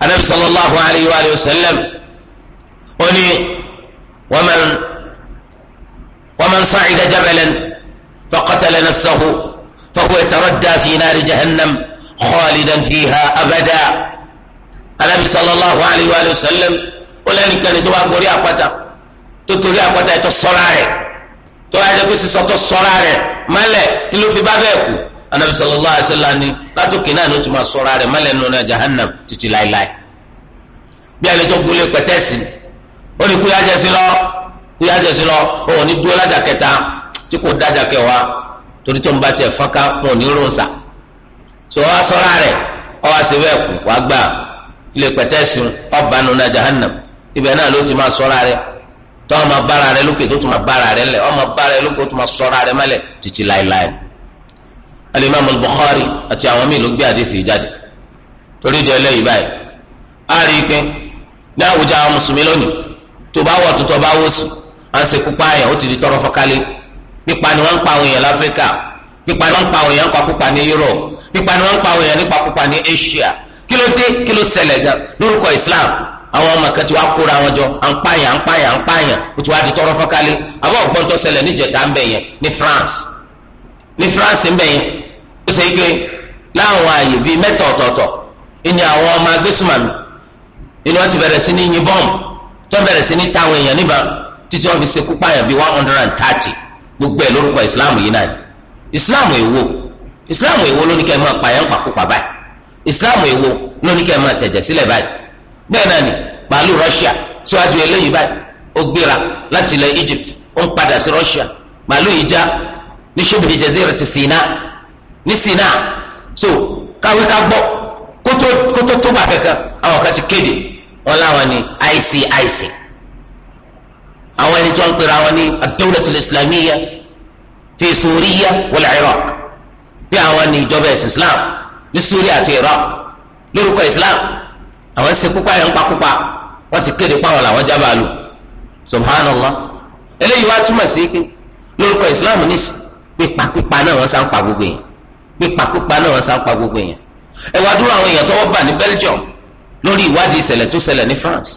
anabi sallallahu alayhi wa sallam ó ní waman waman sa'ida jabalan faqatala nafsahu fahuwa yataradda fi nari jahannam khalidan fiha abada anabi sallallahu alayhi wa sallam ó lẹ́nu kẹ́ni tó bá gorí àpáta. tó torí àpáta ẹ̀ tó sọ́ra rẹ̀ tó ayé pé sísọ tó sọ́ra rẹ̀ fi bá bẹ́ẹ̀ kú anabi sallallahu alaihi ni látòkè náà ló ti máa sọ́ra rẹ̀ mọ́lẹ̀ nínú náà jahannam títí láéláé bí alẹ́ tó gúnlé ni ó ní kúyájẹ́ sí lọ kúyájẹ́ duola lọ ó ní dúró lájà kẹta tí kò dájà kẹwàá torí tó ń bá tiẹ̀ fọ́nká wọn ò ní so sọ́ra ọ wá sí bẹ́ẹ̀ tó ọmọ bára rẹ lókè tó tún ma bára rẹ lẹ ọmọ bára rẹ lókè tó tún ma sọra rẹ mẹlẹ títí láéláé alimami Bukhari àti àwọn míì ló gbé àdéfì jáde torí ìdí ẹlẹ́yìí báyìí a rí i pé ní àwùjọ àwọn mùsùlùmí lónìí tó bá wọ̀ tó tọ́ bá wò sí à ń sekú pààyàn ó ti di tọrọ fọkálé pípa ni wọ́n ń pa àwọn èèyàn láfíríkà pípa ni wọ́n ń pa àwọn èèyàn nípa pípa ní Europe pípa ni wọ́n ń pa àwọn èèyàn nípa pípa ní Asia kí ló dé kí ló ṣẹlẹ̀ gan lórúkọ Islam àwọn ọmọ kan ti wá kóra wọn jọ à ń pààyàn à ń pààyàn à ń di tọrọ fọkálé àbọ̀ ọ̀gbọ́n tó níjẹta ń bẹ̀ yẹn ní France ní France ń bẹ̀ yẹn ó ṣe pé láwọn ààyè bíi mẹ́ta ọ̀tọ̀ọ̀tọ̀ ìní àwọn ọmọ agbésùmàmì ìní wọ́n ti bẹ̀rẹ̀ sí ní yin bọ́ǹbù tó bẹ̀rẹ̀ sí ní táwọn èèyàn níbà títí wọ́n fi ṣekú pààyàn bíi one hundred and thirty gbogbo ẹ̀ lórúkọ ìsìláàmù yìí náà ìsìláàmù èwo ìsìláàmù èwo lóníkẹ́ máa pààyàn pàkópà báyìí ìsìláàmù èwo lóníkẹ́ máa tẹ̀jẹ̀ sílẹ̀ báyìí bẹ́ẹ̀ náà ni bàálù Russia síwájú eléyìí báyìí ó gbéra láti ilẹ̀ Egypt ó ń padà sí Russia bàálù yìí já ní ṣubihi jazira ti Sina ní Sina so káwé ká gbọ́ kótó tó bá fẹ́ kan àwọn kan ti kéde wọn láwọn ni ICIC àwọn ẹni tí wọn ń pera wọn ní ad islamiyya fi Suriya wal Iraq bí àwọn ni ìjọba ẹ̀sìn Islam ní Suriya àti Iraq lórúkọ Islam àwọn ṣe kúpa yẹn ń pa kúpa wọ́n ti kéde pàwọn làwọn jábà lò subhanallah eléyìí wá túmọ̀ sí pé lórúkọ islam níṣì pípakúpa náà wọ́n sá ń pa gbogbo èèyàn pípakúpa náà wọ́n sá ń pa gbogbo èèyàn ẹ àwọn èèyàn tọ́wọ́ bà ní belgium lórí ìwádìí ìṣẹ̀lẹ̀ tó ṣẹlẹ̀ ní france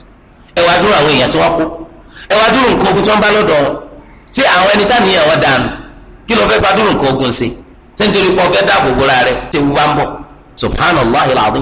ẹ àwọn èèyàn tó wá kú ẹ nǹkan ogun tó ń bá lọ́dọ̀ tí àwọn ẹni tá nìyẹn wọn dànù kí ló fẹ́ fa nǹkan ogun ṣe tí nítorí pé fẹ́ dáàbò bóra rẹ̀ tẹ́wú bá ń bọ̀ subhanallah ilaahu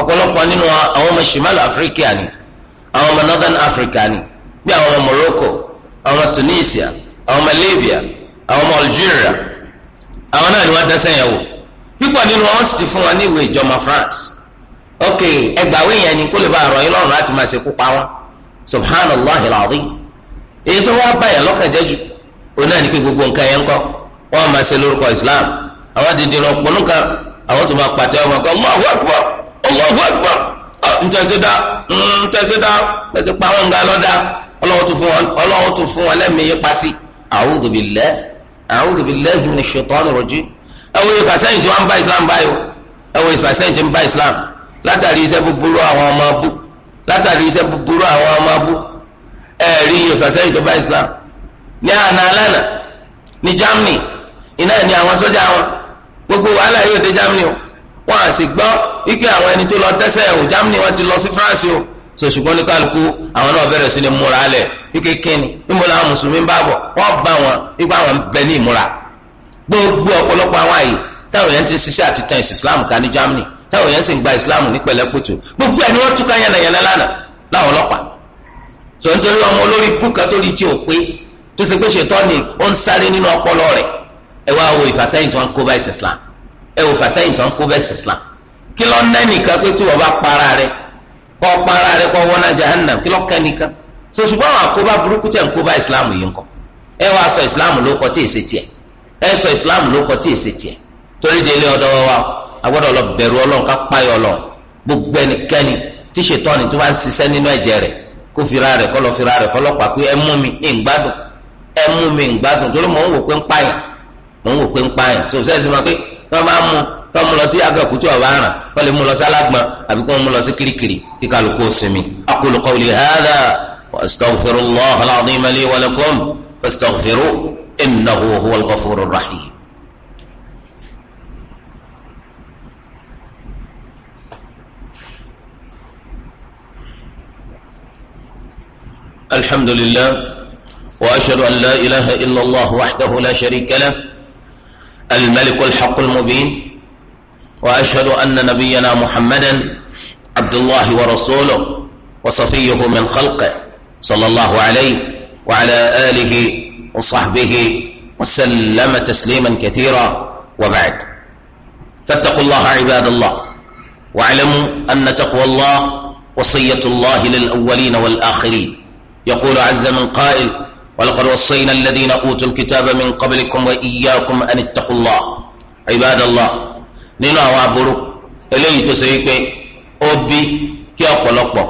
ọ̀pọ̀lọpọ̀ nínú àwọn ọmọ shimal africa ni àwọn ọmọ northern africa ni bí àwọn ọmọ morocco àwọn ọmọ tunisia àwọn ọmọ libya àwọn ọmọ algeria àwọn náà ni wọ́n dẹ́sẹ̀ yẹn wò pípọ̀ nínú wọn sì ti fún wọn ní ìwé ìjọba france ok ẹgbàáwé yẹn ni kó lè bá àrọ̀ yín lọ́rùn láti máa ṣe kópa wọn subhanallah alazim èyí tó wá báyà lọ́kàn jẹ́ jù òun náà ní pé gbogbo nǹkan yẹn ń kọ́ wọ́n máa ṣe lórúkọ islam àwọn dìndín ọ̀pọ̀ nǹkan àwọn tó máa pàtẹ́ ọmọ mọ́ àwọn àkùbọ̀ Allahu Akbar ah, ntẹ̀sídá ntẹ̀sídá pẹ̀sí pa wọn ga lọ́dá ọlọ́wọ́ tó fún wọn ọlọ́wọ́ tó fún wọn lẹ́mìí pasi. A'udhu billahi a'udhu billahi minash shaitani rajim. ẹ wo ìfàsẹ́yìn tí wọ́n ń bá Islam báyìí o ẹ wo ìfàsẹ́yìn tí ń bá Islam látàrí iṣẹ́ búburú àwọn ọmọ abú látàrí iṣẹ́ búburú àwọn ọmọ abú ẹ rí ìfàsẹ́yìn tó bá Islam ní àná alánà ní Germany iná ní àwọn sójà wọn gbogbo wàhálà yóò dé Germany wọn à sì gbọ́ wípé àwọn ẹni tó lọ dẹ́sẹ̀ ò Germany wọn ti lọ sí France o so ṣùgbọ́n ní kálukú àwọn náà bẹ̀rẹ̀ sí ni múra lẹ̀ wípé kíni níbo làwọn mùsùlùmí ń bá bọ̀ wọ́n bá wọn wípé àwọn bẹ ní ìmúra gbogbo ọ̀pọ̀lọpọ̀ àwọn àyè táwọn yẹn ti ṣiṣẹ́ àti tan Islam ká ní Germany táwọn yẹn sì ń gba Islam ní pẹ̀lẹ́pùtù gbogbo ẹni wọ́n túká yànnàyànnà lánàá láwọn ọlọ́pàá tó ń torí ọmọ olórí kúkà tó rí Islam ẹ wò fàsẹ́yìn tán kó bẹ́ẹ̀ sẹ́sìlá kí ló ná nìkan pé tí bá para rẹ kọ́ para rẹ jahannam kí ló nìkan so ṣùgbọ́n àwọn àkóbá burúkú tẹ̀ ń kóbá islam yìí ń kọ́ ẹ wàá sọ ìsìláàmù ló ẹ sọ ló tí èsì torí délé wa lọ ká lọ gbogbo tí ṣètọ́ni tó bá ń ṣiṣẹ́ nínú ẹ̀jẹ̀ kó fira lọ fira tí wọ́n bá mú kọ́ mú lọ sí Abẹ́òkúta ọ̀bá àràn kọ́ lè mú lọ sí alágbọ̀n àbí kọ́ mú lọ sí kirikiri kí kálukú sinmi. aqulu qawli hadha wa astaghfirullaha al-azima li wa lakum fastaghfiruhu innahu huwal ghafurur rahim. الحمد لله واشهد ان لا اله الا الله وحده لا شريك له الملك الحق المبين واشهد ان نبينا محمدا عبد الله ورسوله وصفيه من خلقه صلى الله عليه وعلى اله وصحبه وسلم تسليما كثيرا وبعد فاتقوا الله عباد الله واعلموا ان تقوى الله وصيه الله للاولين والاخرين يقول عز من قائل ولقد وصينا الذين أوتوا الكتاب من قبلكم وإياكم أن اتقوا الله عباد الله nínú àwọn aburú eléyìí tó ṣe wípé ó bí kí ọ̀pọ̀lọpọ̀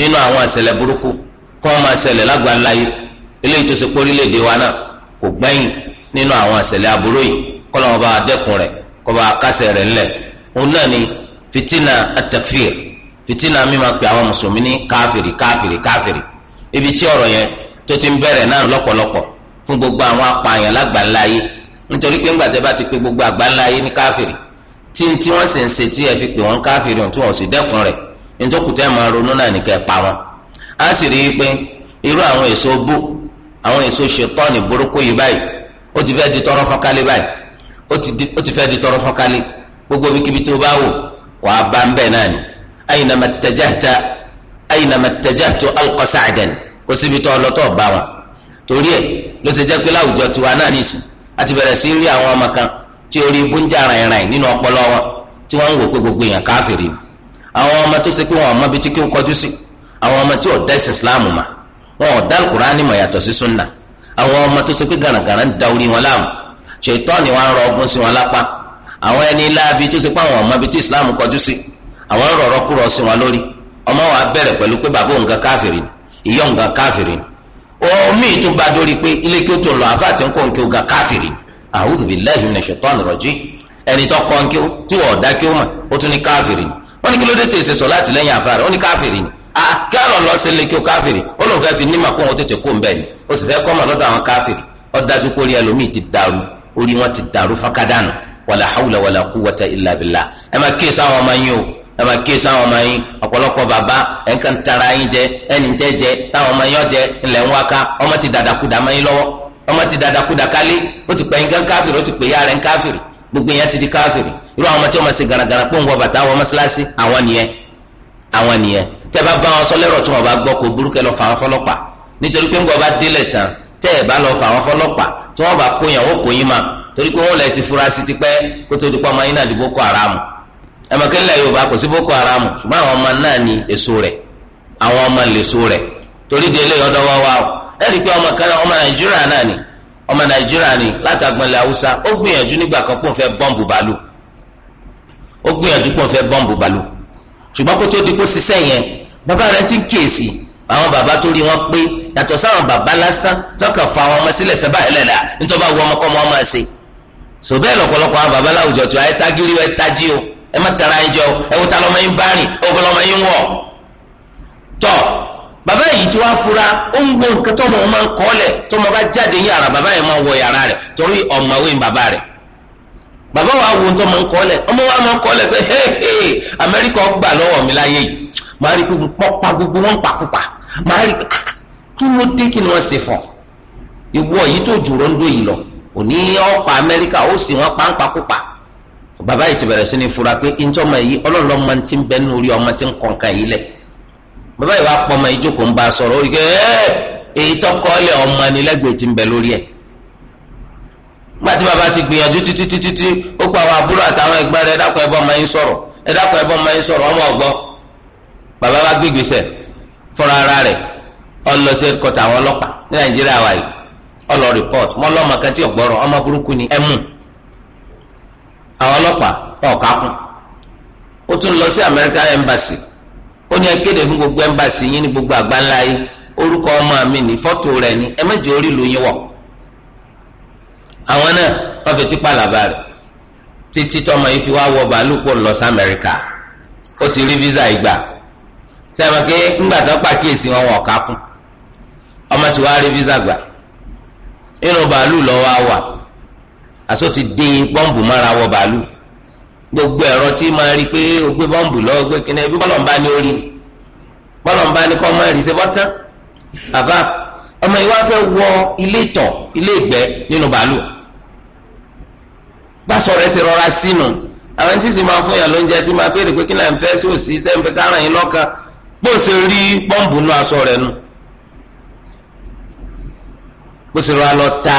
nínú àwọn àṣẹlẹ̀ burúkú kó máa ṣẹlẹ̀ lágbàláyé eléyìí tó ṣe pé orílẹ̀-èdè wa náà kò gbẹ́yìn nínú àwọn àṣẹlẹ̀ aburú yìí kọ́ lọ́wọ́ bá dẹ́kun rẹ̀ kọ́ bá kásẹ̀ rẹ̀ ńlẹ̀ òun náà ni fitina atakfir fitina mímọ́ pé àwọn mùsùlùmí ní káfìrí káfìrí káfìrí ibi tí ọ̀rọ̀ yẹn tó ti ń bẹ̀rẹ̀ náà lọ́pọ̀lọpọ̀ fún gbogbo àwọn apààyàn lágbàńlá yìí nítorí pé ńgbà tẹ́ bá ti pe gbogbo àgbáńlá yìí ní káfìrì tí tí wọ́n sì ń ṣe tí ẹ fi pè wọ́n káfìrì tí wọ́n sì dẹ́kun rẹ̀ wọn. a sì rí i pé irú àwọn èso bú àwọn èso burúkú yìí báyìí ó ti fẹ́ di tọrọ fọ́nkálé báyìí ó ti fẹ́ ni. kó síbi tó ọlọ́tọ̀ bá wọn torí ẹ̀ ló ṣe jẹ́ pé láwùjọ tiwa náà nìsín àti bẹ̀rẹ̀ sí rí àwọn ọmọ kan tí orí ibú ń jà nínú ọpọlọ wọn tí wọ́n ń wò pé gbogbo èèyàn káfìrí ni àwọn ọmọ tó ṣe pé wọn ọmọ bíi tí kí ń kọjú sí àwọn ọmọ tí ò dá ẹ̀sìn Islam mà wọn ò dá Al-Kùránì mọ̀ yàtọ̀ sí súnà àwọn ọmọ tó ṣe pé gàràgàrà ń da orí wọn láàmú ṣètọ́ni wọn rọ ọgbọ́n sí wọn lápá àwọn ẹni láabi tó ṣe pé àwọn ọmọ bíi tí Islam kọjú sí àwọn rọ̀rọ̀ kúrọ̀ sí wọn lórí ọmọ wa bẹ̀rẹ̀ pẹ̀lú pé bàbá òun kan ni ìyọ̀ nǹkan káfìrì omi ìtúba dórí pé ilé kí ó tó lọ àfa tí ń kó nkí ó ga káfìrì a'udhu billahi minash shaitani rajim ẹni tó kọ́ nkí tí wọ́n dá kí ó mọ̀ ó tún ní káfìrì wọ́n ní kí ló dé tèsè sọ láti lẹ́yìn àfa rẹ̀ ó ní káfìrì ni kí àlọ́ lọ sí ilé kí ó káfìrì ó lóun fẹ́ fi nímọ̀ kó wọn tètè kó ń bẹ̀ ni ó sì fẹ́ kọ́ mọ̀ lọ́dọ̀ àwọn káfìrì ó dájú pé orí ẹlòmíì ti dàrú orí wọn ti dàrú fakadánù wàlà hawla wàlà quwwata illa billah ẹ máa kíyèsí àwọn ọmọ yín o ẹ máa kíyèsí àwọn ọmọ yín ọ̀pọ̀lọpọ̀ bàbá ẹ̀ ń tara yín jẹ ẹnì jẹ jẹ táwọn ọmọ yín ọ̀jẹ ńlẹ̀ ń wá ọmọ ti kuda mọ́ yín lọ́wọ́ ọmọ ti dàdàkudà kálé ó ti pẹ̀yìn gán káfìrì ó ti pèyà rẹ̀ ń gbogbo yẹn ti di káfìrì irú àwọn ọmọ tí wọ́n ṣe garagara pé ń wọ bàtà wọ mọ́ṣáláṣí àwọn nìyẹn àwọn nìyẹn tẹ́ bá bá wọn sọ lẹ́rọ̀ tí wọ́n bá gbọ́ lọ fà fọlọ́pàá nítorí pé ń bá délẹ̀ tán tẹ́ ẹ̀ lọ fà ti Boko Haram ẹ̀mọ̀kẹ́lẹ́ yorùbá kò sí boko haram ṣùgbọ́n àwọn ọmọ náà ni èso rẹ̀ àwọn ọmọ lèso rẹ̀ torí délé ọ̀dọ̀ wa wa o ẹ rí i pé ọmọ kan ọmọ nàìjíríà náà ni ọmọ nàìjíríà ni haúsá ó gbìyànjú nígbà kan pọ̀ fẹ́ bọ́ǹbù bàálù ó gbìyànjú bàbá ti ń kíyèsí àwọn bàbá tó rí yàtọ̀ sáwọn bàbá lásán fa àwọn ọmọ sílẹ̀ sẹ́bà nítorí wọn kọ́ ọmọ ọmọ ẹ má tẹ̀ra ẹ jẹ o ẹ wò ta lọ́mọ yín bá rìn ẹ wò lọ́mọ yín wọ̀ tọ́ bàbá yìí tí wàá fura ó ń gbọ́ nǹkan tó mọ̀ kọ́lẹ̀ tó bá jáde yàrá bàbá yẹn máa wọ yàrá rẹ̀ torí ọ̀mọ̀wé ń bàbá rẹ̀ bàbá wa wo tó máa ń kọ́lẹ̀ ọmọ wa máa kọ́lẹ̀ pé hehe amẹ́ríkà gbà lọ́wọ́ mi láyé yìí màá rí i pé pọ́pá gbogbo wọn pàkópa màá rí i pé ah, kí ló dé kí ni wọ́n ṣe fọ́ ìwọ yìí tó jùrọ̀ ń dó yìí lọ òní ọ̀pá amẹ́ríkà ó sì wọ́n pa bàbá yìí ti bẹ̀rẹ̀ sí fura pé ntọ́mọ yìí ọlọ́run lọ́mọ ti ń bẹ orí ọmọ ti ń kọ̀ǹkà yìí lẹ̀ bàbá yìí wá sọrọ ọmọ yìí jókòó ń bá a sọ̀rọ̀ ó rí i pé èyí tọ́kọ́ ọmọ ti ń bẹ lórí ẹ̀ bàbá ti gbìyànjú títí títí tí ó pa àwọn àbúrò àtàwọn ẹgbẹ́ rẹ̀ ẹ̀dàkọ̀ ẹ̀bọ ọmọ yìí sọ̀rọ̀ ẹ̀dàkọ̀ ẹ̀bọ ọmọ yìí sọ̀rọ̀ àwọn ọlọpàá ọ̀ka kún ó tún lọ sí American embassy ó ní ẹ fún gbogbo embassy yín ní gbogbo àgbáńlá yìí orúkọ ọmọ mi ní fọ́tò rẹ̀ ni ẹ mẹ́jọ orí ìlú yín wọ̀ àwọn tọmọ yìí fi wá wọ bàálù pọ̀ lọ sí O ó ti rí visa ìgbà pé ńgbà tó wọn kún ọmọ tí wàá rí visa gbà nínú bàálù aṣọ ti dín bọ́ǹbù mọ́ra wọ bàálù gbogbo ẹ̀rọ tí máa rí pé o gbé bọ́ǹbù lọ gbé kíni ẹbí bọ́lọ̀ ń bá ní orí bọ́lọ̀ ń bá ní kọ́ máa rí ṣe bọ́tán àfa ọmọ yìí wá fẹ́ wọ ilé ìtọ̀ ilé ìgbẹ́ nínú bàálù báṣọ rẹ̀ ṣe rọra sínú àwọn tí sì máa fún yàn lóúnjẹ tí máa béèrè pé kí náà ń fẹ́ sí òsì sẹ́ńfẹ́ káràn yín lọ́kàn bó ṣe rí bọ́ǹbù nú aṣọ rẹ̀ nu bó ṣe rọra lọ ta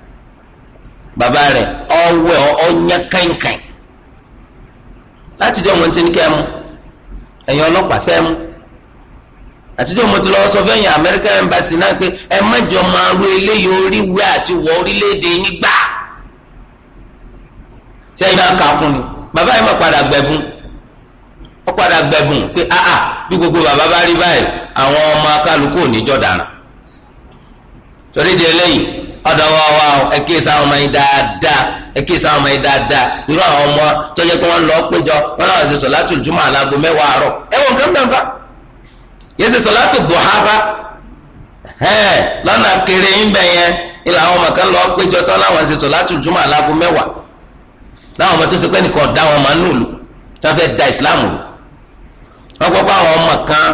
baba rẹ̀ ọwẹ́ ọ̀nyá kẹ́ńkẹ́ń jọ mo ti ní kẹ́ mu ẹ̀yin ọlọ́pàá sẹ́ mu àtijọ́ lọ sọ American embassy náà pé ẹ mẹ́jọ máa ru eléyìí oríwé àti wọ orílẹ̀-èdè yín gbà sẹ́yìn bàbá yìí padà gbẹ̀bùn ah, ah, gbogbo baba bá rí báyìí àwọn ọmọ akálukú ò ní ọdọwọ wa ẹ kíyèsí awọn ọmọ yín dáadáa ịdadaa kíyèsí àwọn ọmọ yín dáadáa irú àwọn ọmọ tó yẹ kó wọn lọ péjọ wọn náà ṣe sọlátù jùmọ̀ àlágò mẹ́wàá àárọ̀ ẹ wọn kàn bẹ́ẹ̀ fa yẹ ṣe kéré yẹn àwọn ọmọ kan lọ péjọ ṣe láwọn ọmọ tó da kan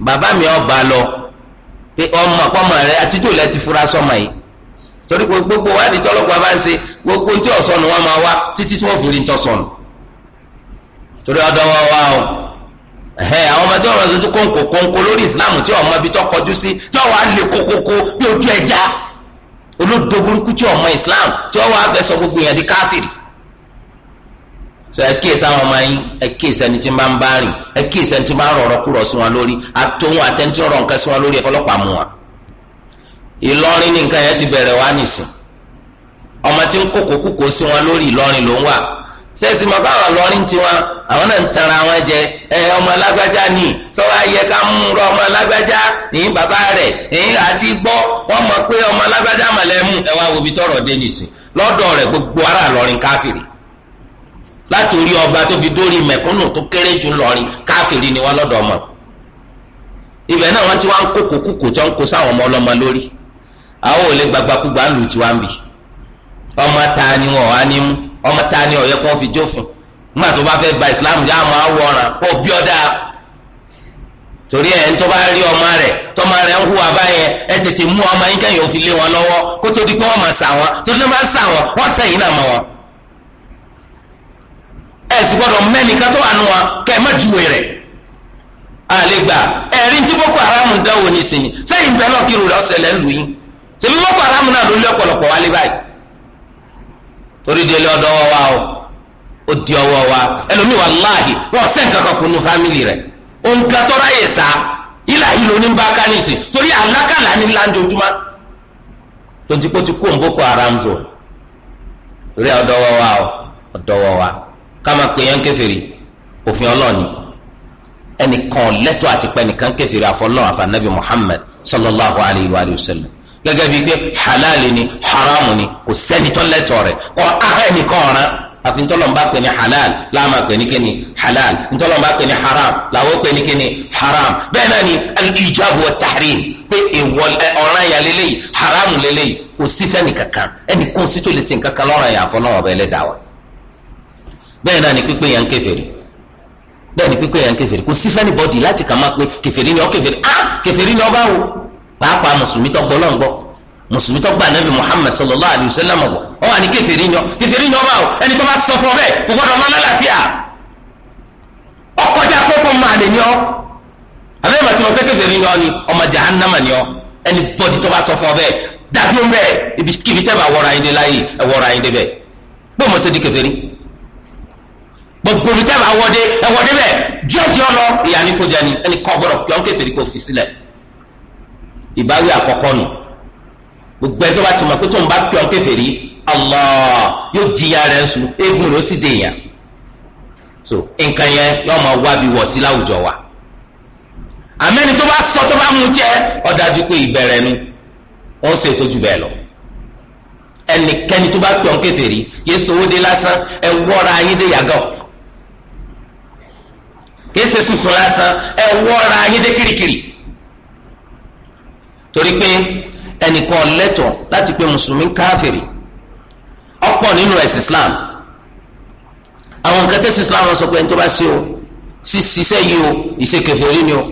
bàbá mi ọba lọ pé ọmọ ọpọmọ rẹ àtijọ́ ilẹ̀ ti fura sọmọ yìí torí pé gbogbo wádìí tí ọlọ́pàá bá ń ṣe gbogbo tí ọ̀sọ́nù wọn máa wá títí tí wọ́n fi rí tọ́sọ̀nù torí ọ̀dọ̀ wa wá o ẹ̀hẹ́ àwọn ọmọ tí wọ́n rọ̀ sójú kóńkó kóńkó lórí ìsìláàmù tí ọmọ ibi tó kọjú sí tí ọwọ́ á lè kókókó bí ojú ẹja olódò burúkú tí ọmọ ìsìláàmù tí ọwọ́ á fẹ́ sọ gbogbo yẹn di káfìrì so ẹ kíyèsí àwọn ọmọ yín ẹ kíyèsí ẹni tí ń bá ń bá rìn ẹ kíyèsí ẹni tí ń bá rọrọ kúrọ sí wọn lórí àtòhun àtẹnití rọrọ nǹkan sí wọn lórí ẹfọlọpàá mu wọn. Ìlọrin nǹkan yẹn ti bẹ̀rẹ̀ wá nìsín ọmọ tí ń kókó sí wọn lórí Ìlọrin ló ń wà sẹ́sì mọ̀ báwọn lọ́rin tiwọn àwọn náà ń tanra wọn jẹ ẹ ọmọ alágbájá ni ká mú rọ ọmọ alágbájá ọmọ alágbájá ẹ wá wo ibi tọrọ dé nìsín gbogbo ara látòrí ọba tó fi dórí mẹ̀kúnnù tó kéré jù lọrin káfíìrì ni wọn lọdọ ọmọ ibẹ̀ náà wọn ti wá ń kó kókókò tí wọn kó sáwọn ọmọ ọlọmọ lórí àwọn ò lè gbagbakúgba ń lù tí wọn bì ọmọ ta ni wọn wá ní mú ọmọ ta ni ọyẹ kó fi jófin nígbà tó bá fẹ́ gba ìsìláàmù yá máa wọràn ó bí torí ẹ̀ ń tó bá rí ọmọ ẹ sì gbọ́dọ̀ mẹ́nìkan tó wà nù wọn kẹ́ ẹ má juwe rẹ̀ àlè gbà ẹ̀rí tí boko haram ń dánwò ní sinmi sẹ́yìn bẹ́ẹ̀ náà kírun rẹ̀ ọ̀sẹ̀lẹ̀ ń lù yín tèmi boko haram náà ló lé ọ̀pọ̀lọpọ̀ wálé báyìí torí délé ọ̀dọ́ ọ wa o ó di ọwọ́ wa ẹlòmíì wàláhì wọn ọ̀sẹ̀ nǹkan kan kunu fámìlì rẹ̀ òǹkà tọ́ra yẹ sá ilà yìí lóní bá ká ní torí ní ti kó boko haram zò torí wa wa o wa wa. ká máa pè yẹn kèfèrí òfin ọlọ́ọ̀ni ẹnìkan lẹ́tọ̀ àti pẹ́ nìkan kèfèrí àfọlọ́ọ̀ àfànàbí Muhammad sallallahu alayhi wa sallam gẹ́gẹ́ bíi pé halali ni haramu ni kò sẹ́ni tó lẹ́tọ̀ rẹ̀ kọ́ ahẹ́ nìkan ọ̀ràn àfi ntọ́lọ́n bá pè ní halal láàmà pè ní kíni halal ntọ́lọ́n bá pè ní haram làwọ́ pè ní kíni haram bẹ́ẹ̀ náà ni al-ijabu wa tahrim pé ìwọl ọ̀ràn yà lélẹ́yìí haram lélẹ́yìí kò sí fẹ́ni ẹnì kan sí lè ṣe nǹkan lọ́ràn yà àfọlọ́wọ́ bẹ́ẹ̀ lẹ́dàá wa bẹ́ẹ̀ náà ni pípé yẹn ń kèfèrí bẹ́ẹ̀ ni pípé yẹn ń kèfèrí kò sí fẹ́ni bọ́dì láti kà máa pé kèfèrí ni ọ́ kèfèrí á kèfèrí ni ọ́ bá wò pàápàá mùsùlùmí tó gbọ́ lọ́ngbọ́ mùsùlùmí tó gba anabi muhammed sallallahu alayhi wa sallam wọ̀ wà ní kèfèrí ni ọ́ kèfèrí ni ọ́ bá wò ẹni tó bá sọ fún ọ bẹ́ẹ̀ kò gbọ́dọ̀ máa lálàáfíà ọkọjá pọ́pọ́ máa lè ní ọ́ àbẹ́rẹ́ ni ọ́ ni ọmọ jahannama ni ọ́ ẹni bọ́dì tó bá sọ fún ọ bẹ́ẹ̀ dàdúró bẹ́ẹ̀ ibi kíbi tẹ́ bá wọra yín gbogbo ibi tẹ́lẹ̀ awọ́dé ẹ̀wọ́dé bẹ́ẹ̀ jọ́ọ̀jì ọ̀lọ́ ìyá ni kò jẹ ni ẹni kọ́ gbọ́dọ̀ kí ọ́n kẹfẹ́ kó fi sílẹ̀ ìbáwí àkọ́kọ́ nù gbogbo ẹjọ́ bá ti mọ̀ pé tó ń bá kí ọ́n kẹfẹ́ rí Allah yóò jìyà rẹ̀ ń sùn eégún ló sì dèèyàn so nǹkan yẹn yóò máa wá bí wọ̀ sí láwùjọ wa àmẹ́ni tó bá sọ tó bá mú jẹ́ ó dájú pé ìbẹ̀rẹ̀ nu ó ṣètò jù bẹ́ẹ̀ lọ ẹnikẹ́ni tó bá pè ọ́n kẹfẹ́ rí yéṣu owó dé lásán ẹ wọ́ra ayé yàgàn kìí ṣe sùsùn lásán ẹ wọ́ra ayé dé kirikiri torí pé ẹnìkan lẹ́tọ̀ láti pé mùsùlùmí káfìrì ọ̀pọ̀ nínú ẹ̀sìn Islam àwọn nǹkan tẹ́sí Islam sọ pé ẹni tó bá ṣe o ṣiṣẹ́ yìí o ìṣe kèfèrí ni o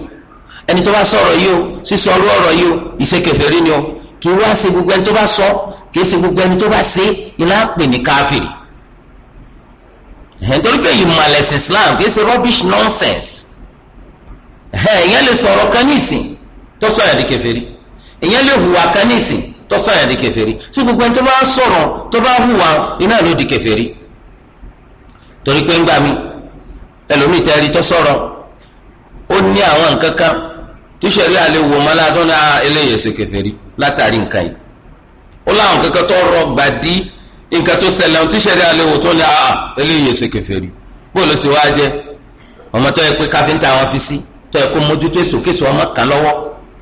ẹni tó bá sọ̀rọ̀ yìí o sísọ ọrú ọ̀rọ̀ yìí o ìṣe kèfèrí ni o kì wá ṣe gbogbo ẹni tó bá sọ kì ṣe gbogbo ẹni tó bá ṣe ìlà pè ní káfìrì nítorí pé ìmọ̀lẹ̀ sí islam kì í ṣe rubbish nonsense èèyàn lè sọ̀rọ̀ kan ní ìsìn tó sọ yàrá di kèfèrí èèyàn lè hùwà kan ní ìsìn tó sọ yàrá di kèfèrí tí gbogbo ẹni tó bá sọ̀rọ̀ tó bá hùwà iná ló di kèfèrí torí pé ńgbà mi ẹlòmíì tẹ́ ẹni tó sọ̀rọ̀ ó ní àwọn nǹkan kan tí sẹ̀rí àlè wò mọ́ látọ́ ní ah, eléyèsè kèfèrí látàrí nǹkan yìí ó láwọn kankan tó rọ gbàdí nǹkan tó ṣẹlẹ̀ ohun tí ṣẹlẹ̀ alẹ́ wò tó ní àà eléyìí èsè kèfèrí bóòlù sì wáá jẹ ọmọ tó yẹ pé káfíńtà wọn fi sí tó yẹ kó mójútó èso késo ọmọ kan lọ́wọ́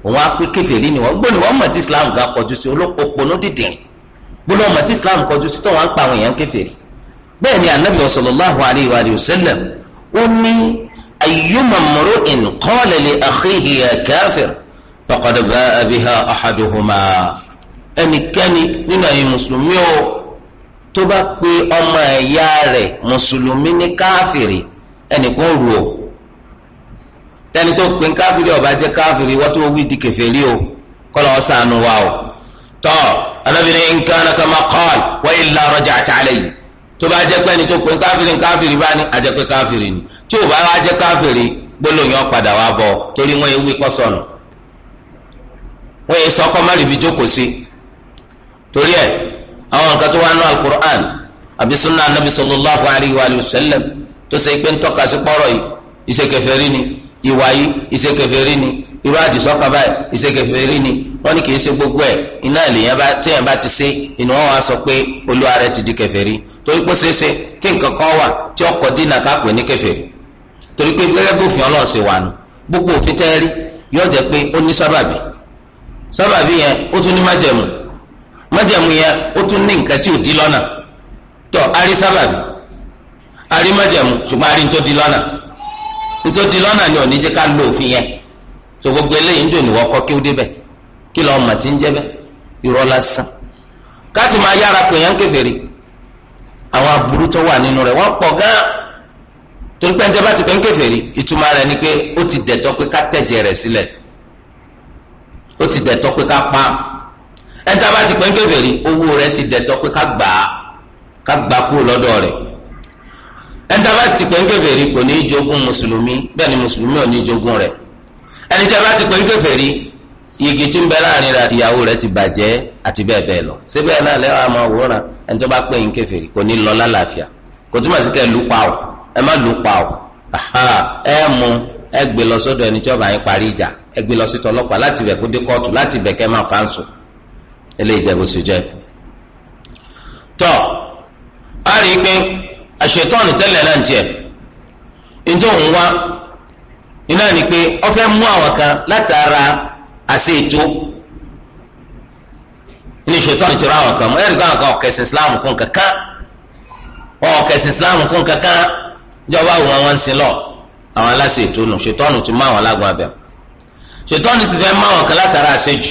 òun á pé kèfèrí ni wọn gbóni wọn mọ̀ tí Islam ga kọjú sí olópòpónú dìdìrín gbóni wọn mọ̀ tí Islam kọjú sí tó wọn pa àwọn èèyàn kèfèrí bẹ́ẹ̀ ni anabi sallallahu alayhi wa tó bá pe ọmọ ẹ̀yà rẹ̀ mùsùlùmí ní káfìrí ẹnìkan rù o tẹni tó pin káfìrí ó bá jẹ́ káfìrí wọ́n tó wí di kèfèrí o kọ́lá ọ sànù wa o tọ́ anábìrin nǹkan kama qal wa illa raja'at alayhi tó bá jẹ́ pẹ́ni tó pin káfìrí káfìrí bá ní àjẹpẹ́ káfìrí ni tí ò bá wá jẹ́ káfìrí gbólóyìn ọ̀padà wa bọ̀ torí wọ́n ewé kọ́sọ̀nù wọ́n yẹ sọ́kọ́ má ríbi jókòó sí torí ẹ̀ àwọn nǹkan tó wà nínú alukur'an àbí sunna anabi sallallahu alayhi wa sallam tó ṣe pé ń tọ́ka sí pọ́rọ̀ yìí ni ìwà yìí ìṣe ni irú àdìsọ́kà báyìí ìṣe ni wọ́n ní kì gbogbo ẹ̀ iná bá bá ti ṣe ìnú wọn wá sọ pé olúwa ti di kèfèrí torí pé ṣeéṣe kí nǹkan kan wà tí ọkọ̀ dínà ká pè ní torí pé wà nù gbogbo òfin yóò jẹ́ pé ó májẹ̀mú yẹn ó tún ní nǹkan tí ò di lọ́nà tó arí sábàbí arí májẹ̀mú ṣùgbọ́n arí tó di lọ́nà tó di lọ́nà ni òní jẹ́ ká lo yẹn tó gbogbo eléyìí ń ní wọ́kọ́ kí ó débẹ̀ kí ti ń irọ́ lásán máa yára pè yẹn àwọn aburú tó wà nínú rẹ̀ wọ́n pọ̀ gan torí pé ń bá ti pé ń ìtumọ̀ rẹ̀ ni pé ó ti dẹ̀tọ́ pé ká tẹ̀jẹ̀ rẹ̀ ẹ̀ńtà bá ti pẹ́ ń kèfèrí owó rẹ̀ ti dẹ̀tọ́ pé ká gbà á ká gbà kúrò lọ́dọ̀ rẹ̀ ẹ̀ńtà bá ti pẹ́ ń kèfèrí kò ní í jogún mùsùlùmí bẹ́ẹ̀ ni mùsùlùmí ò ní í jogún rẹ̀ ẹni tí a bá ti pẹ́ ń kèfèrí igi tí ń bẹ láàrin rẹ̀ àti ìyàwó rẹ̀ ti bàjẹ́ àti bẹ́ẹ̀ bẹ́ẹ̀ lọ síbẹ̀ náà lẹ́wọ̀n àmọ́ àwòrán ẹni tó bá pẹ́ ń kò ní lọ lálàáfíà kò túmọ̀ sí kẹ́ ẹ lù pa ẹ má lù pa ẹ mú ẹ gbé lọ sọ́dọ̀ ẹni tí ọba yẹn parí ìjà ẹ gbé lọ sí tọlọ́pàá láti bẹ̀ kó dé kóòtù láti bẹ̀ kẹ́ máa fà ń sùn eléyìí jẹ́ bó ṣe jẹ́ tọ́ a rí i pé àṣetọ́ọ̀nù tẹ́lẹ̀ náà ń tiẹ̀ nítorí òun wá iná ni pé ó fẹ́ mú àwọn kan látara àṣẹ ètò ní ṣètọ́nù ti ra àwọn kan mú ẹ̀rí kan kan ọ̀kẹ́sìn Islam kún kankan ọ̀kẹ́sìn Islam kún kankan ìjọba àwọn wọn ń sin lọ àwọn aláṣẹ ètò nù ṣètọ́nù ti mú àwọn alágun abẹ ṣètọ́nù sì fẹ́ mú àwọn kan látara àṣejù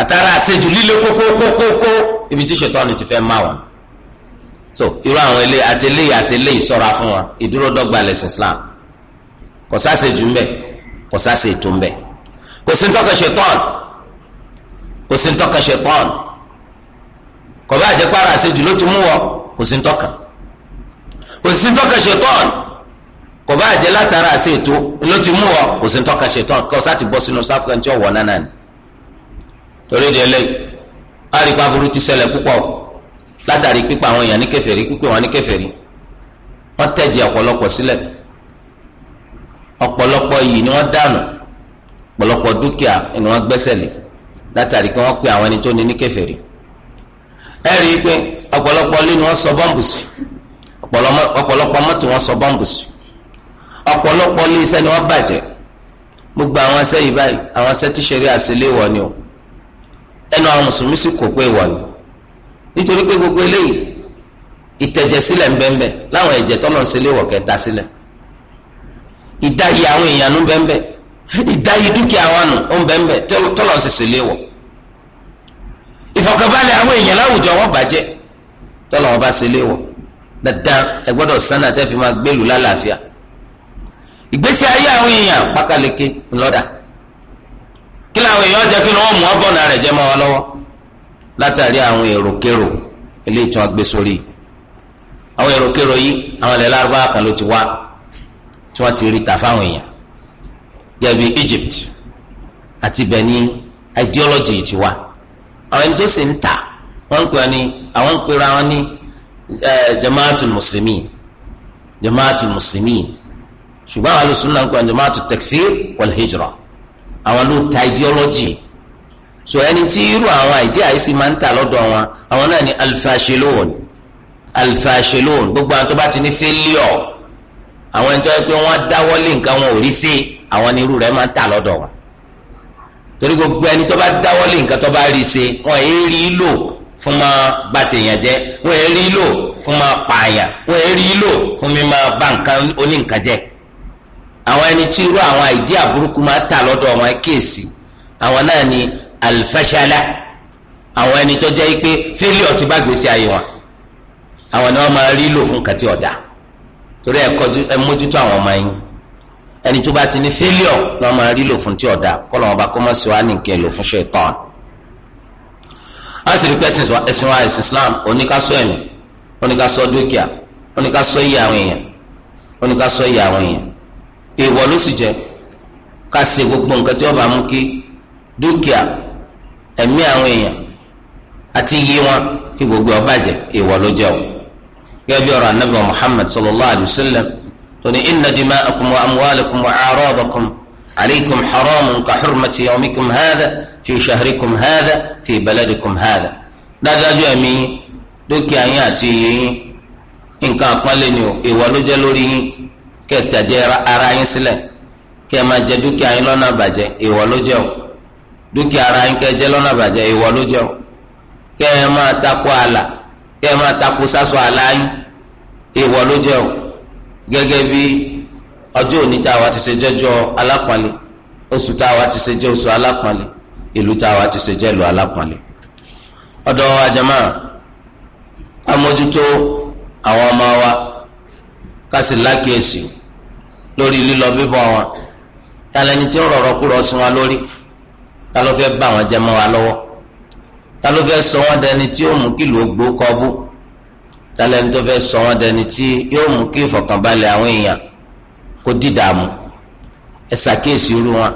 àtàrà àṣejù líle kókókókókó ibi tí ṣètọ́ni ti fẹ́ má wọn. so irú àwọn ilé àtẹlé àtẹlé ìṣọ́ra fún wa ìdúró dọ́gba lẹ́sìn Islam kò sáṣe jù ń bẹ̀ kò sáṣe ètò ń bẹ̀ kò sí ntọ́ka ṣetán kò sí ntọ́ka ṣetán kò bá àjẹpá ara àṣejù ló ti mú wọ kò sí ntọ́ka kò sí ntọ́ka ṣetán kò bá àjẹ látara àṣe ètò ló ti mú wọ kò sí ntọ́ka ṣetán kò sá ti bọ́ sínú sáfù ẹni torí di ẹlẹ́yìn àríkà burú ti ṣẹlẹ̀ púpọ̀ látàrí pípa àwọn èèyàn ní kèfèrí pípé wọn ní kèfèrí wọ́n tẹ̀jẹ̀ ọ̀pọ̀lọpọ̀ sílẹ̀ ọ̀pọ̀lọpọ̀ yìí ni wọ́n dànù ọ̀pọ̀lọpọ̀ dúkìá ni wọ́n gbẹ́sẹ̀ lé látàrí pé wọ́n pe àwọn ẹni tó ní ní kèfèrí ẹ rí i pé ọ̀pọ̀lọpọ̀ ilé ni wọ́n sọ bọ́ǹbù sí ọ̀pọ̀lọpọ̀ mọ́tò wọ́n sọ bọ́ǹbù sí ọ̀pọ̀lọpọ̀ ilé iṣẹ́ ni wọ́n bàjẹ́ gbogbo àwọn iṣẹ́ yìí báyìí àwọn iṣẹ́ tíṣẹrí àṣẹléwọ ni o ẹnu àwọn mùsùlùmí sì kò pé wọ̀nyí nítorí pé gbogbo eléyìí ìtẹ̀jẹ̀ sílẹ̀ ńbẹ́ńbẹ́ láwọn ẹ̀jẹ̀ tọ́lọ̀ ń sílẹ̀ wọ̀ kẹta sílẹ̀ ìdáyì àwọn èèyàn ńbẹ́ńbẹ́ ìdáyì dúkìá wọn nù ńbẹ́ńbẹ́ tọ́lọ̀ sì sílẹ̀ wọ̀ ìfọ̀kànbalẹ̀ àwọn èèyàn láwùjọ wọn bàjẹ́ tọ́lọ̀ wọn bá sílẹ̀ wọ̀ dandan ẹ gbọ́dọ̀ sánà tẹ́ fi máa gbélùú lálàáfíà ìgbésí ayé àwọn èèyàn pákàleke ńlọ́dà kila làwọn èèyàn jẹ́ kí ni wọ́n mú ọ́ bọ̀nà wọn látàrí àwọn èròkérò eléyìí tí wọ́n gbé sórí àwọn èròkérò yìí àwọn ilẹ̀ lárúbáwá kan ló ti wá tí ti rí ta fáwọn èèyàn Benin ideology yìí ti wá àwọn ẹni tó sì ń ta ń pè ní àwọn ń pera wọn ní jamaatul jamaatul ṣùgbọ́n àwọn alùsùn àwọn ló ta ideology so ẹni tí irú àwọn idea yìí sì máa ń tà lọ́dọ̀ wọn àwọn náà ni alfashelon alfashelon gbogbo àwọn tó bá ti ní failure àwọn ẹni tó yẹ pé wọ́n dáwọ́lé nǹkan wọn ò rí sí àwọn ni irú rẹ̀ máa ń tà lọ́dọ̀ wọn torí gbogbo ẹni tó bá dáwọ́lé nǹkan tó bá rí sí wọn èé rí lò fún máa bá tèèyàn jẹ wọn èé rí lò fún máa pààyàn wọn èé rí lò fún mi máa bá nǹkan oníǹkan jẹ àwọn ẹni tí irú àwọn àìdí àbúrúkú máa ta lọ́dọ̀ wọn kéèsì àwọn náà ni alifashala àwọn ẹni tó jẹ́ pé failure ti bá gbèsè ayé wọn àwọn ni wọ́n máa rí lò fún kàtí ọ̀dà torí ẹ kọjú ẹ mójútó àwọn ọmọ yín ẹni tó bá ti ní failure ni wọ́n máa rí lò fún tí ọ̀dà kọ́lọ̀ wọn bá kọ́ mọ́ sí wa ní lò fún ṣaitan. a sì rí pé ẹ̀sìn wa ẹ̀sìn Islam oníkásọ́ ẹ̀mí oníkásọ́ dúkìá oníkásọ́ iye àwọn èèyàn oníkásọ́ iye àwọn èèyàn èèwọ̀ ló sì jẹ́ ká ṣe gbogbo nǹkan tí wọ́n bá mú kí dúkìá ẹ̀mí àwọn èèyàn àti iye wọn kí gbogbo ó bàjẹ́ èèwọ̀ ló jẹ́ o gẹ́gẹ́ bí ọ̀rọ̀ anabi muhammad sallallahu alayhi wa sallam tó ní inna dima'akum wa amwalakum wa a'radakum alaykum haramun ka hurmati yawmikum hadha fi shahrikum hadha fi baladikum hadha dájúdájú ẹ̀mí dúkìá yín àti iye yín nǹkan àpọ́nlé ni o ló jẹ́ lórí yín kẹ́ ẹ̀ tàjẹ́ ara yín sílẹ̀ kẹ́ ẹ̀ máa jẹ dúkìá yín lọ́nà àbàjẹ́ ìwọ ló jẹ́ o dúkìá ara yín kẹ́ ẹ jẹ lọ́nà àbàjẹ́ ìwọ ló jẹ́ o kẹ́ ẹ máa takò àlà kẹ́ ẹ máa takò sásọ àlà yín ìwọ ló jẹ́ o gẹ́gẹ́ bí ọjọ́ òní tá a wá ti ṣe jẹ́jọ́ alápọ̀nlé oṣù tá a wá ti ṣe jẹ́ oṣù alápọ̀nlé ìlú tá a wá ti ṣe jẹ́ ìlú alápọ̀nlé. ọ̀dọ̀ àjàmá amójútó àwọn ọmọ wa ká sì lórí lílọ bíbọ̀ wọn talẹni tí ń rọrọ kúrọ sí wọn lórí ta ló fẹ́ bá wọn jẹ mọ́ wa lọ́wọ́ ta ló fẹ́ sọ wọn dẹni tí yóò mú kí ìlú gbó kọbú talẹni tó fẹ́ sọ wọn dẹni tí yóò mú kí ìfọ̀kànbalẹ̀ àwọn èèyàn kó dídààmú ẹ ṣàkíyèsí irú wọn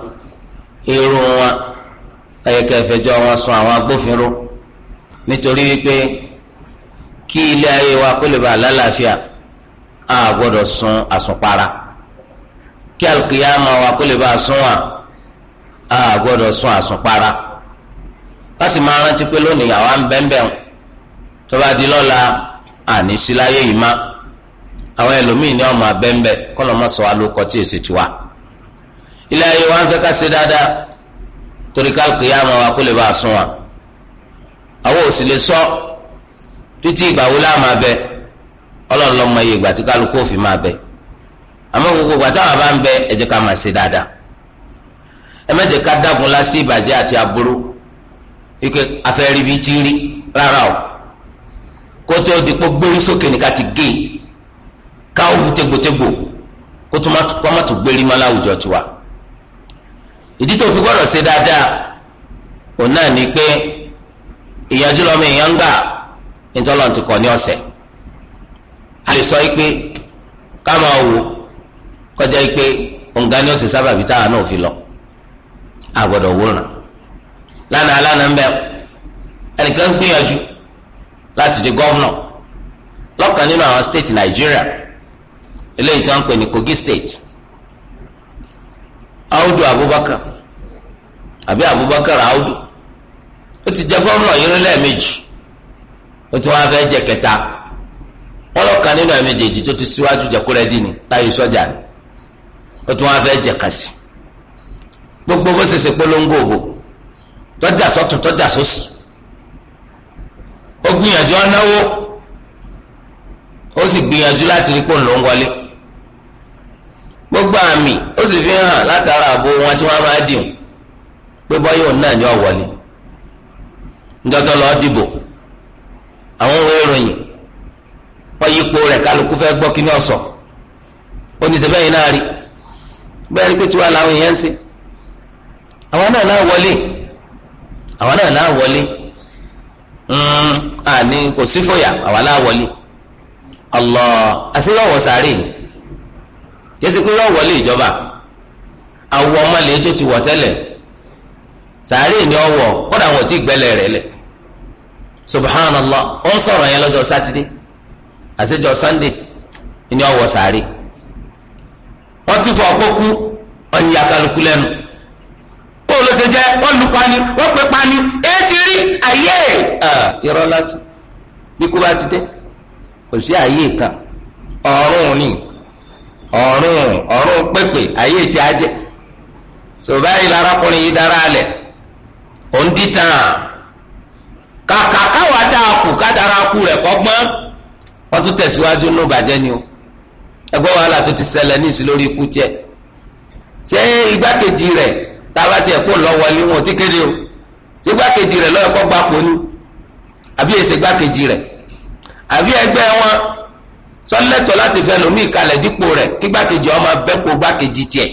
irú wọn ayẹkẹ ìfẹjọ́ wọn sùn àwọn agbófinró nítorí wípé kí ilé ayé wa kó lè bá a lálàáfíà a gbọ́dọ̀ sun àsùnpara. kí alùkìyàmà wa kó lè bá a sún wa a gbọ́dọ̀ sún àsùnpara para sì máa rántí pé lónìí àwa ń bẹ́ńbẹ́ tó bá di lọ́la àníṣí láyé yìí má àwọn ẹlòmíì ní ọmọ abẹ́ńbẹ́ kọ́nà má sọ alókọ tí èsì wa ń fẹ́ ká ṣe dáadáa torí ká wa kó lè a wa àwọn lè sọ títí ìgbà wo láàmà bẹ ọlọ́run lọ́mọ iye àmọ́ gbogbo gbàtà wà bá ń bẹ ẹ jẹ́ ká máa ṣe dáadáa ẹ má jẹ́ ká dágun lá sí ìbàjẹ́ àti aburú ike afẹ́rí bíi ti rí rárá o kótó dìpọ̀ gbérí sókè ní ká ti gé káwọ́ wù tégbòtégbò kótó kó má tún gbérí má láwùjọ tiwa ìdí tó fi gbọ́dọ̀ ṣe dáadáa òun náà ni pé ìyànjú lọ́mọ èèyàn ń gbà nítorí ọ̀n ní ọ̀sẹ̀ a lè ká máa wò ó kọjá yìí pé òǹgá ni ó sì sábàbí táwa náà fi lọ àgbọ̀dọ̀ wòran lánàá lánàá ń bẹ ẹnìkan gbìyànjú láti di gọ́vnọ̀ lọ́kàn nínú àwọn stéètì nàìjíríà eléyìí tí wọ́n pè ní kogi state audu abubakar àbí abubakar audu ó ti jẹ gọ́vnọ̀ yìí rí lẹ́ẹ̀mejì ó ti wọ́n fẹ́ jẹ kẹta wọ́n lọ́kàn nínú ẹ̀mejì tó ti síwájú jẹ́kúrẹ́dì ni láyé sọ́jà ni ó tún wá fẹ́ jẹ̀ka sí gbogbo bó ṣe ṣe polongo òbò tọ́jà sọ́tún tọ́jà sósì ó gbìyànjú si ó sì gbìyànjú láti rí pòun ló ń wọlé gbogbo àmì ó sì fi hàn látara àbò wọn tí wọ́n máa dìun pé bọ́yọ̀ náà ni wọlé njọ́tọ́ lọ́ọ́ dìbò àwọn òwe ìròyìn wọ́n rẹ̀ kálukú fẹ́ gbọ́ kí ni ọ̀sọ̀ náà rí bẹ́ẹ̀ ni pé tiwa làwọn èèyàn ń awa àwọn náà náà wọlé àwọn náà náà wọlé àní kò sí fòyà àwọn náà wọlé Allah àṣeyọ̀wọ̀ sáré yẹsi pé yọ̀ wọlé ìjọba àwọn ọmọlẹ̀ tó ti wọ̀ tẹ́lẹ̀ sáré ni ọwọ́ kọ́dà wọn ò tí gbẹ́lẹ̀ rẹ̀ lẹ̀ subhanallah ó ń sọ̀rọ̀ yẹn sátidé sannde ni sáré. wọ́n ti fọ ọ̀pọ̀kú ọ̀nyà kálukú lẹ́nu kó ló ṣe jẹ́ wọ́n lu pani wọ́n pe pani èyí ti rí ayé irọ́ lásán bí kú bá ti dé kò sí ayé kan ọ̀run ni ọ̀run ọ̀run pépè ayé ti á jẹ́ sọba yìí larakùnrin yìí dára alẹ̀ òun dìtàn kàkà káwa tá a kù ká dára kù rẹ̀ kọ́gbọ́n wọ́n tún tẹ̀síwájú nù bàjẹ́ ni o. ẹgbẹ́ wàhálà tó ti ṣẹlẹ̀ ní ìsìn lórí ikú tiẹ̀ ṣé igbákejì rẹ̀ tá a bá tiẹ̀ kó lọ́wọ́lé wọn ò ti kéde o ṣé igbákejì rẹ̀ lọ́yọ̀ kọ́ gba pò ní àbí èsè igbákejì rẹ̀ àbí ẹgbẹ́ wọn sọ́lẹ́tọ̀ láti fẹ́ lomi ìkalẹ̀ dípò rẹ̀ kí igbákejì ọmọ abẹ́kọ̀ igbákejì tiẹ̀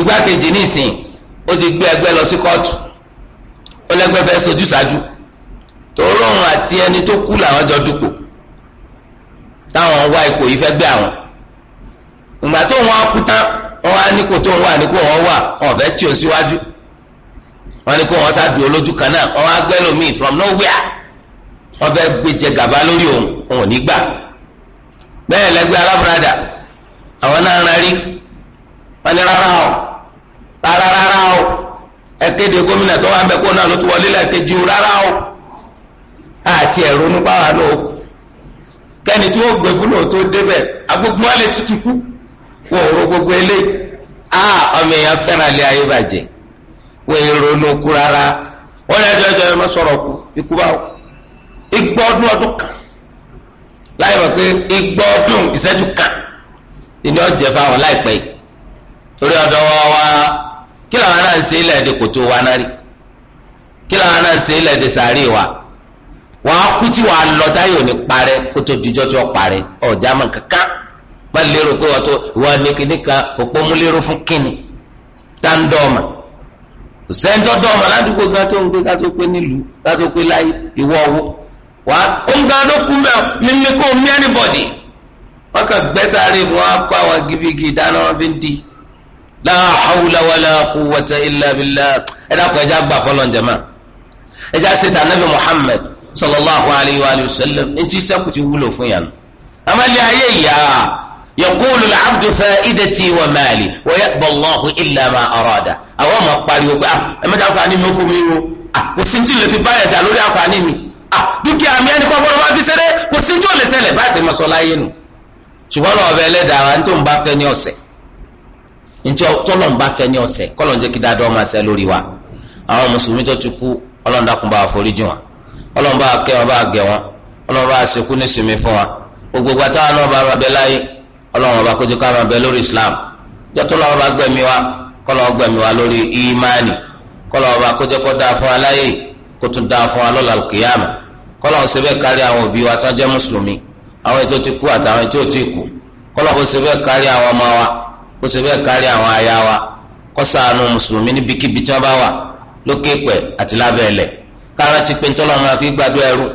igbákejì ní ìsìn ó ti gbé ẹgbẹ́ lọ sí kóòtù ó lẹ́gbẹ́ fẹ́ sojú ṣáájú tòórọ́ àti ẹni tó kú làwọn jọ dúpọ̀ táwọn wá ipò yìí fẹ́ gbé àwọn ìgbà tó wọn kú tán wọn á nípò tó wọn wà nípò wọn wà wọn fẹ́ tí o síwájú wọn wọn from nowhere wọn fẹ́ gbé jẹ gàba lórí òun òun bẹ́ẹ̀ lẹ́gbẹ́ alábùradà àwọn náà wọn ní kẹ́ni tí wọ́n gbé tó débẹ̀ agbógun wa tutù kú wọ́n ò gbogbo ilé a ọmọ èèyàn fẹ́ràn lé ayé bàjẹ́ wọ́n èrò ní rárá wọ́n sọ̀rọ̀ kú ikú báwo igbó ọdún ọdún kan láyé pé igbó ọdún ìṣẹ́jú kan ìní fáwọn láìpẹ́ torí wa kí làwọn náà ń wa náà rí kí làwọn náà ń ilẹ̀ wa. wàá kú tí wàá lọ táyọ̀ ní parẹ́ kó tó dijọ́ tí wọ́n parẹ́ ọ̀já mọ̀ kankan má lérò pé wọ́n tó wọ́n ní kíní kan òpó mú lérò fún kíni tá ń dọ́ọ̀mà kò sẹ́ńtọ́ dọ́ọ̀mà ládùúgbò gan tó ń gbé ká tó pé nílùú ká tó pé láyé ìwọ owó wàá ó ń ga ló kú mẹ́ọ̀ nílé kó mí anybody wọ́n kàn gbẹ́sàárè fún wọn kó àwọn gírígì dáná wọn fi ń di la hawla wala quwwata illa billah ẹ̀dá kan ẹja gbà fọlọ́njẹ̀má ẹja Muhammad sallallahu alayhi wa sallam etí sẹ́kù ti wúlò fún yàrá amali ayé yá yakulu alabdu fa'idati wa maali wa yaqba allahu illa ma arada àwọn ọmọ pariwo pé ah ẹ mẹ́ta àǹfààní mi ó fún mi o ah kò sí tí lè fi báyà dà lórí àǹfààní mi ah dúkìá mi ẹni kọ́ gbọ́dọ̀ bá fi ṣeré kò sí tí ò lè ṣẹlẹ̀ báyìí sẹ́mi sọ láyé nu ṣùgbọ́n lọ́wọ́ bẹ ẹlẹ́dàá wa nítorí bá fẹ́ ní ọ̀sẹ̀ nítorí tọ́lọ̀ ń fẹ́ ní ọ̀sẹ̀ kọ́lọ̀ ń kí dáadọ́ máa ṣẹ lórí wa àwọn mùsùlùmí tó ti kú ọlọ́run dákun bá ọlọ́run bá kẹ́ wọn bá gẹ̀ wọn ọlọ́run bá ṣekú ní sinmi fún wa gbogbo gbàtà náà bá bẹ láyé ọlọ́run ọba kó ká máa bẹ lórí islam jọ́tọ́ lọ́wọ́ bá gbẹ̀mí wa kọ́lọ́ gbẹ̀mí wa lórí ìmánì kọ́lọ́ ọba kó jẹ́ kó dáa fún wa láyé kó tún dáa fún wa lọ́la kìyàmù kọ́lọ́ ń sebẹ́ kárí àwọn òbí wa tán jẹ́ mùsùlùmí àwọn ètò ti kú àtàwọn ètò ti kú kọ́lọ́ kó sebẹ́ kárí àwọn ọmọ wa kó sebẹ́ kárí àwọn aya wa kó mùsùlùmí níbikíbi tí wọ́n bá wà lókè pẹ̀ àti lábẹ́ ẹlẹ̀ kára ti pé ntọ́lọ́ máa fi gbàdúrà ẹrú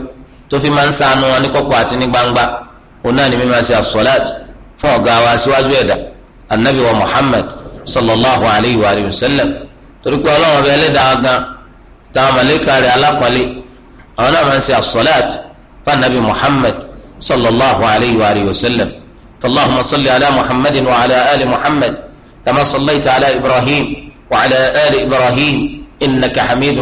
tó fi máa ń ṣàánú wọn ní kọ̀kọ̀ àti ní gbangba òun náà ni mi máa ṣe as-salat fún ọ̀gá wa síwájú ẹ̀dá anabi wa muhammad sallallahu alayhi wa sallam torí pé ọlọ́run ọba ẹlẹ́dàá gan táwọn màlẹ́kà rẹ̀ alápọ̀lẹ́ àwọn náà máa ń ṣe as-salat fún anabi muhammad sallallahu alayhi wa sallam fallahumma salli ala muhammadin wa ala ali muhammad kama sallaita ala ibrahim wa ala ali ibrahim innaka hamidun.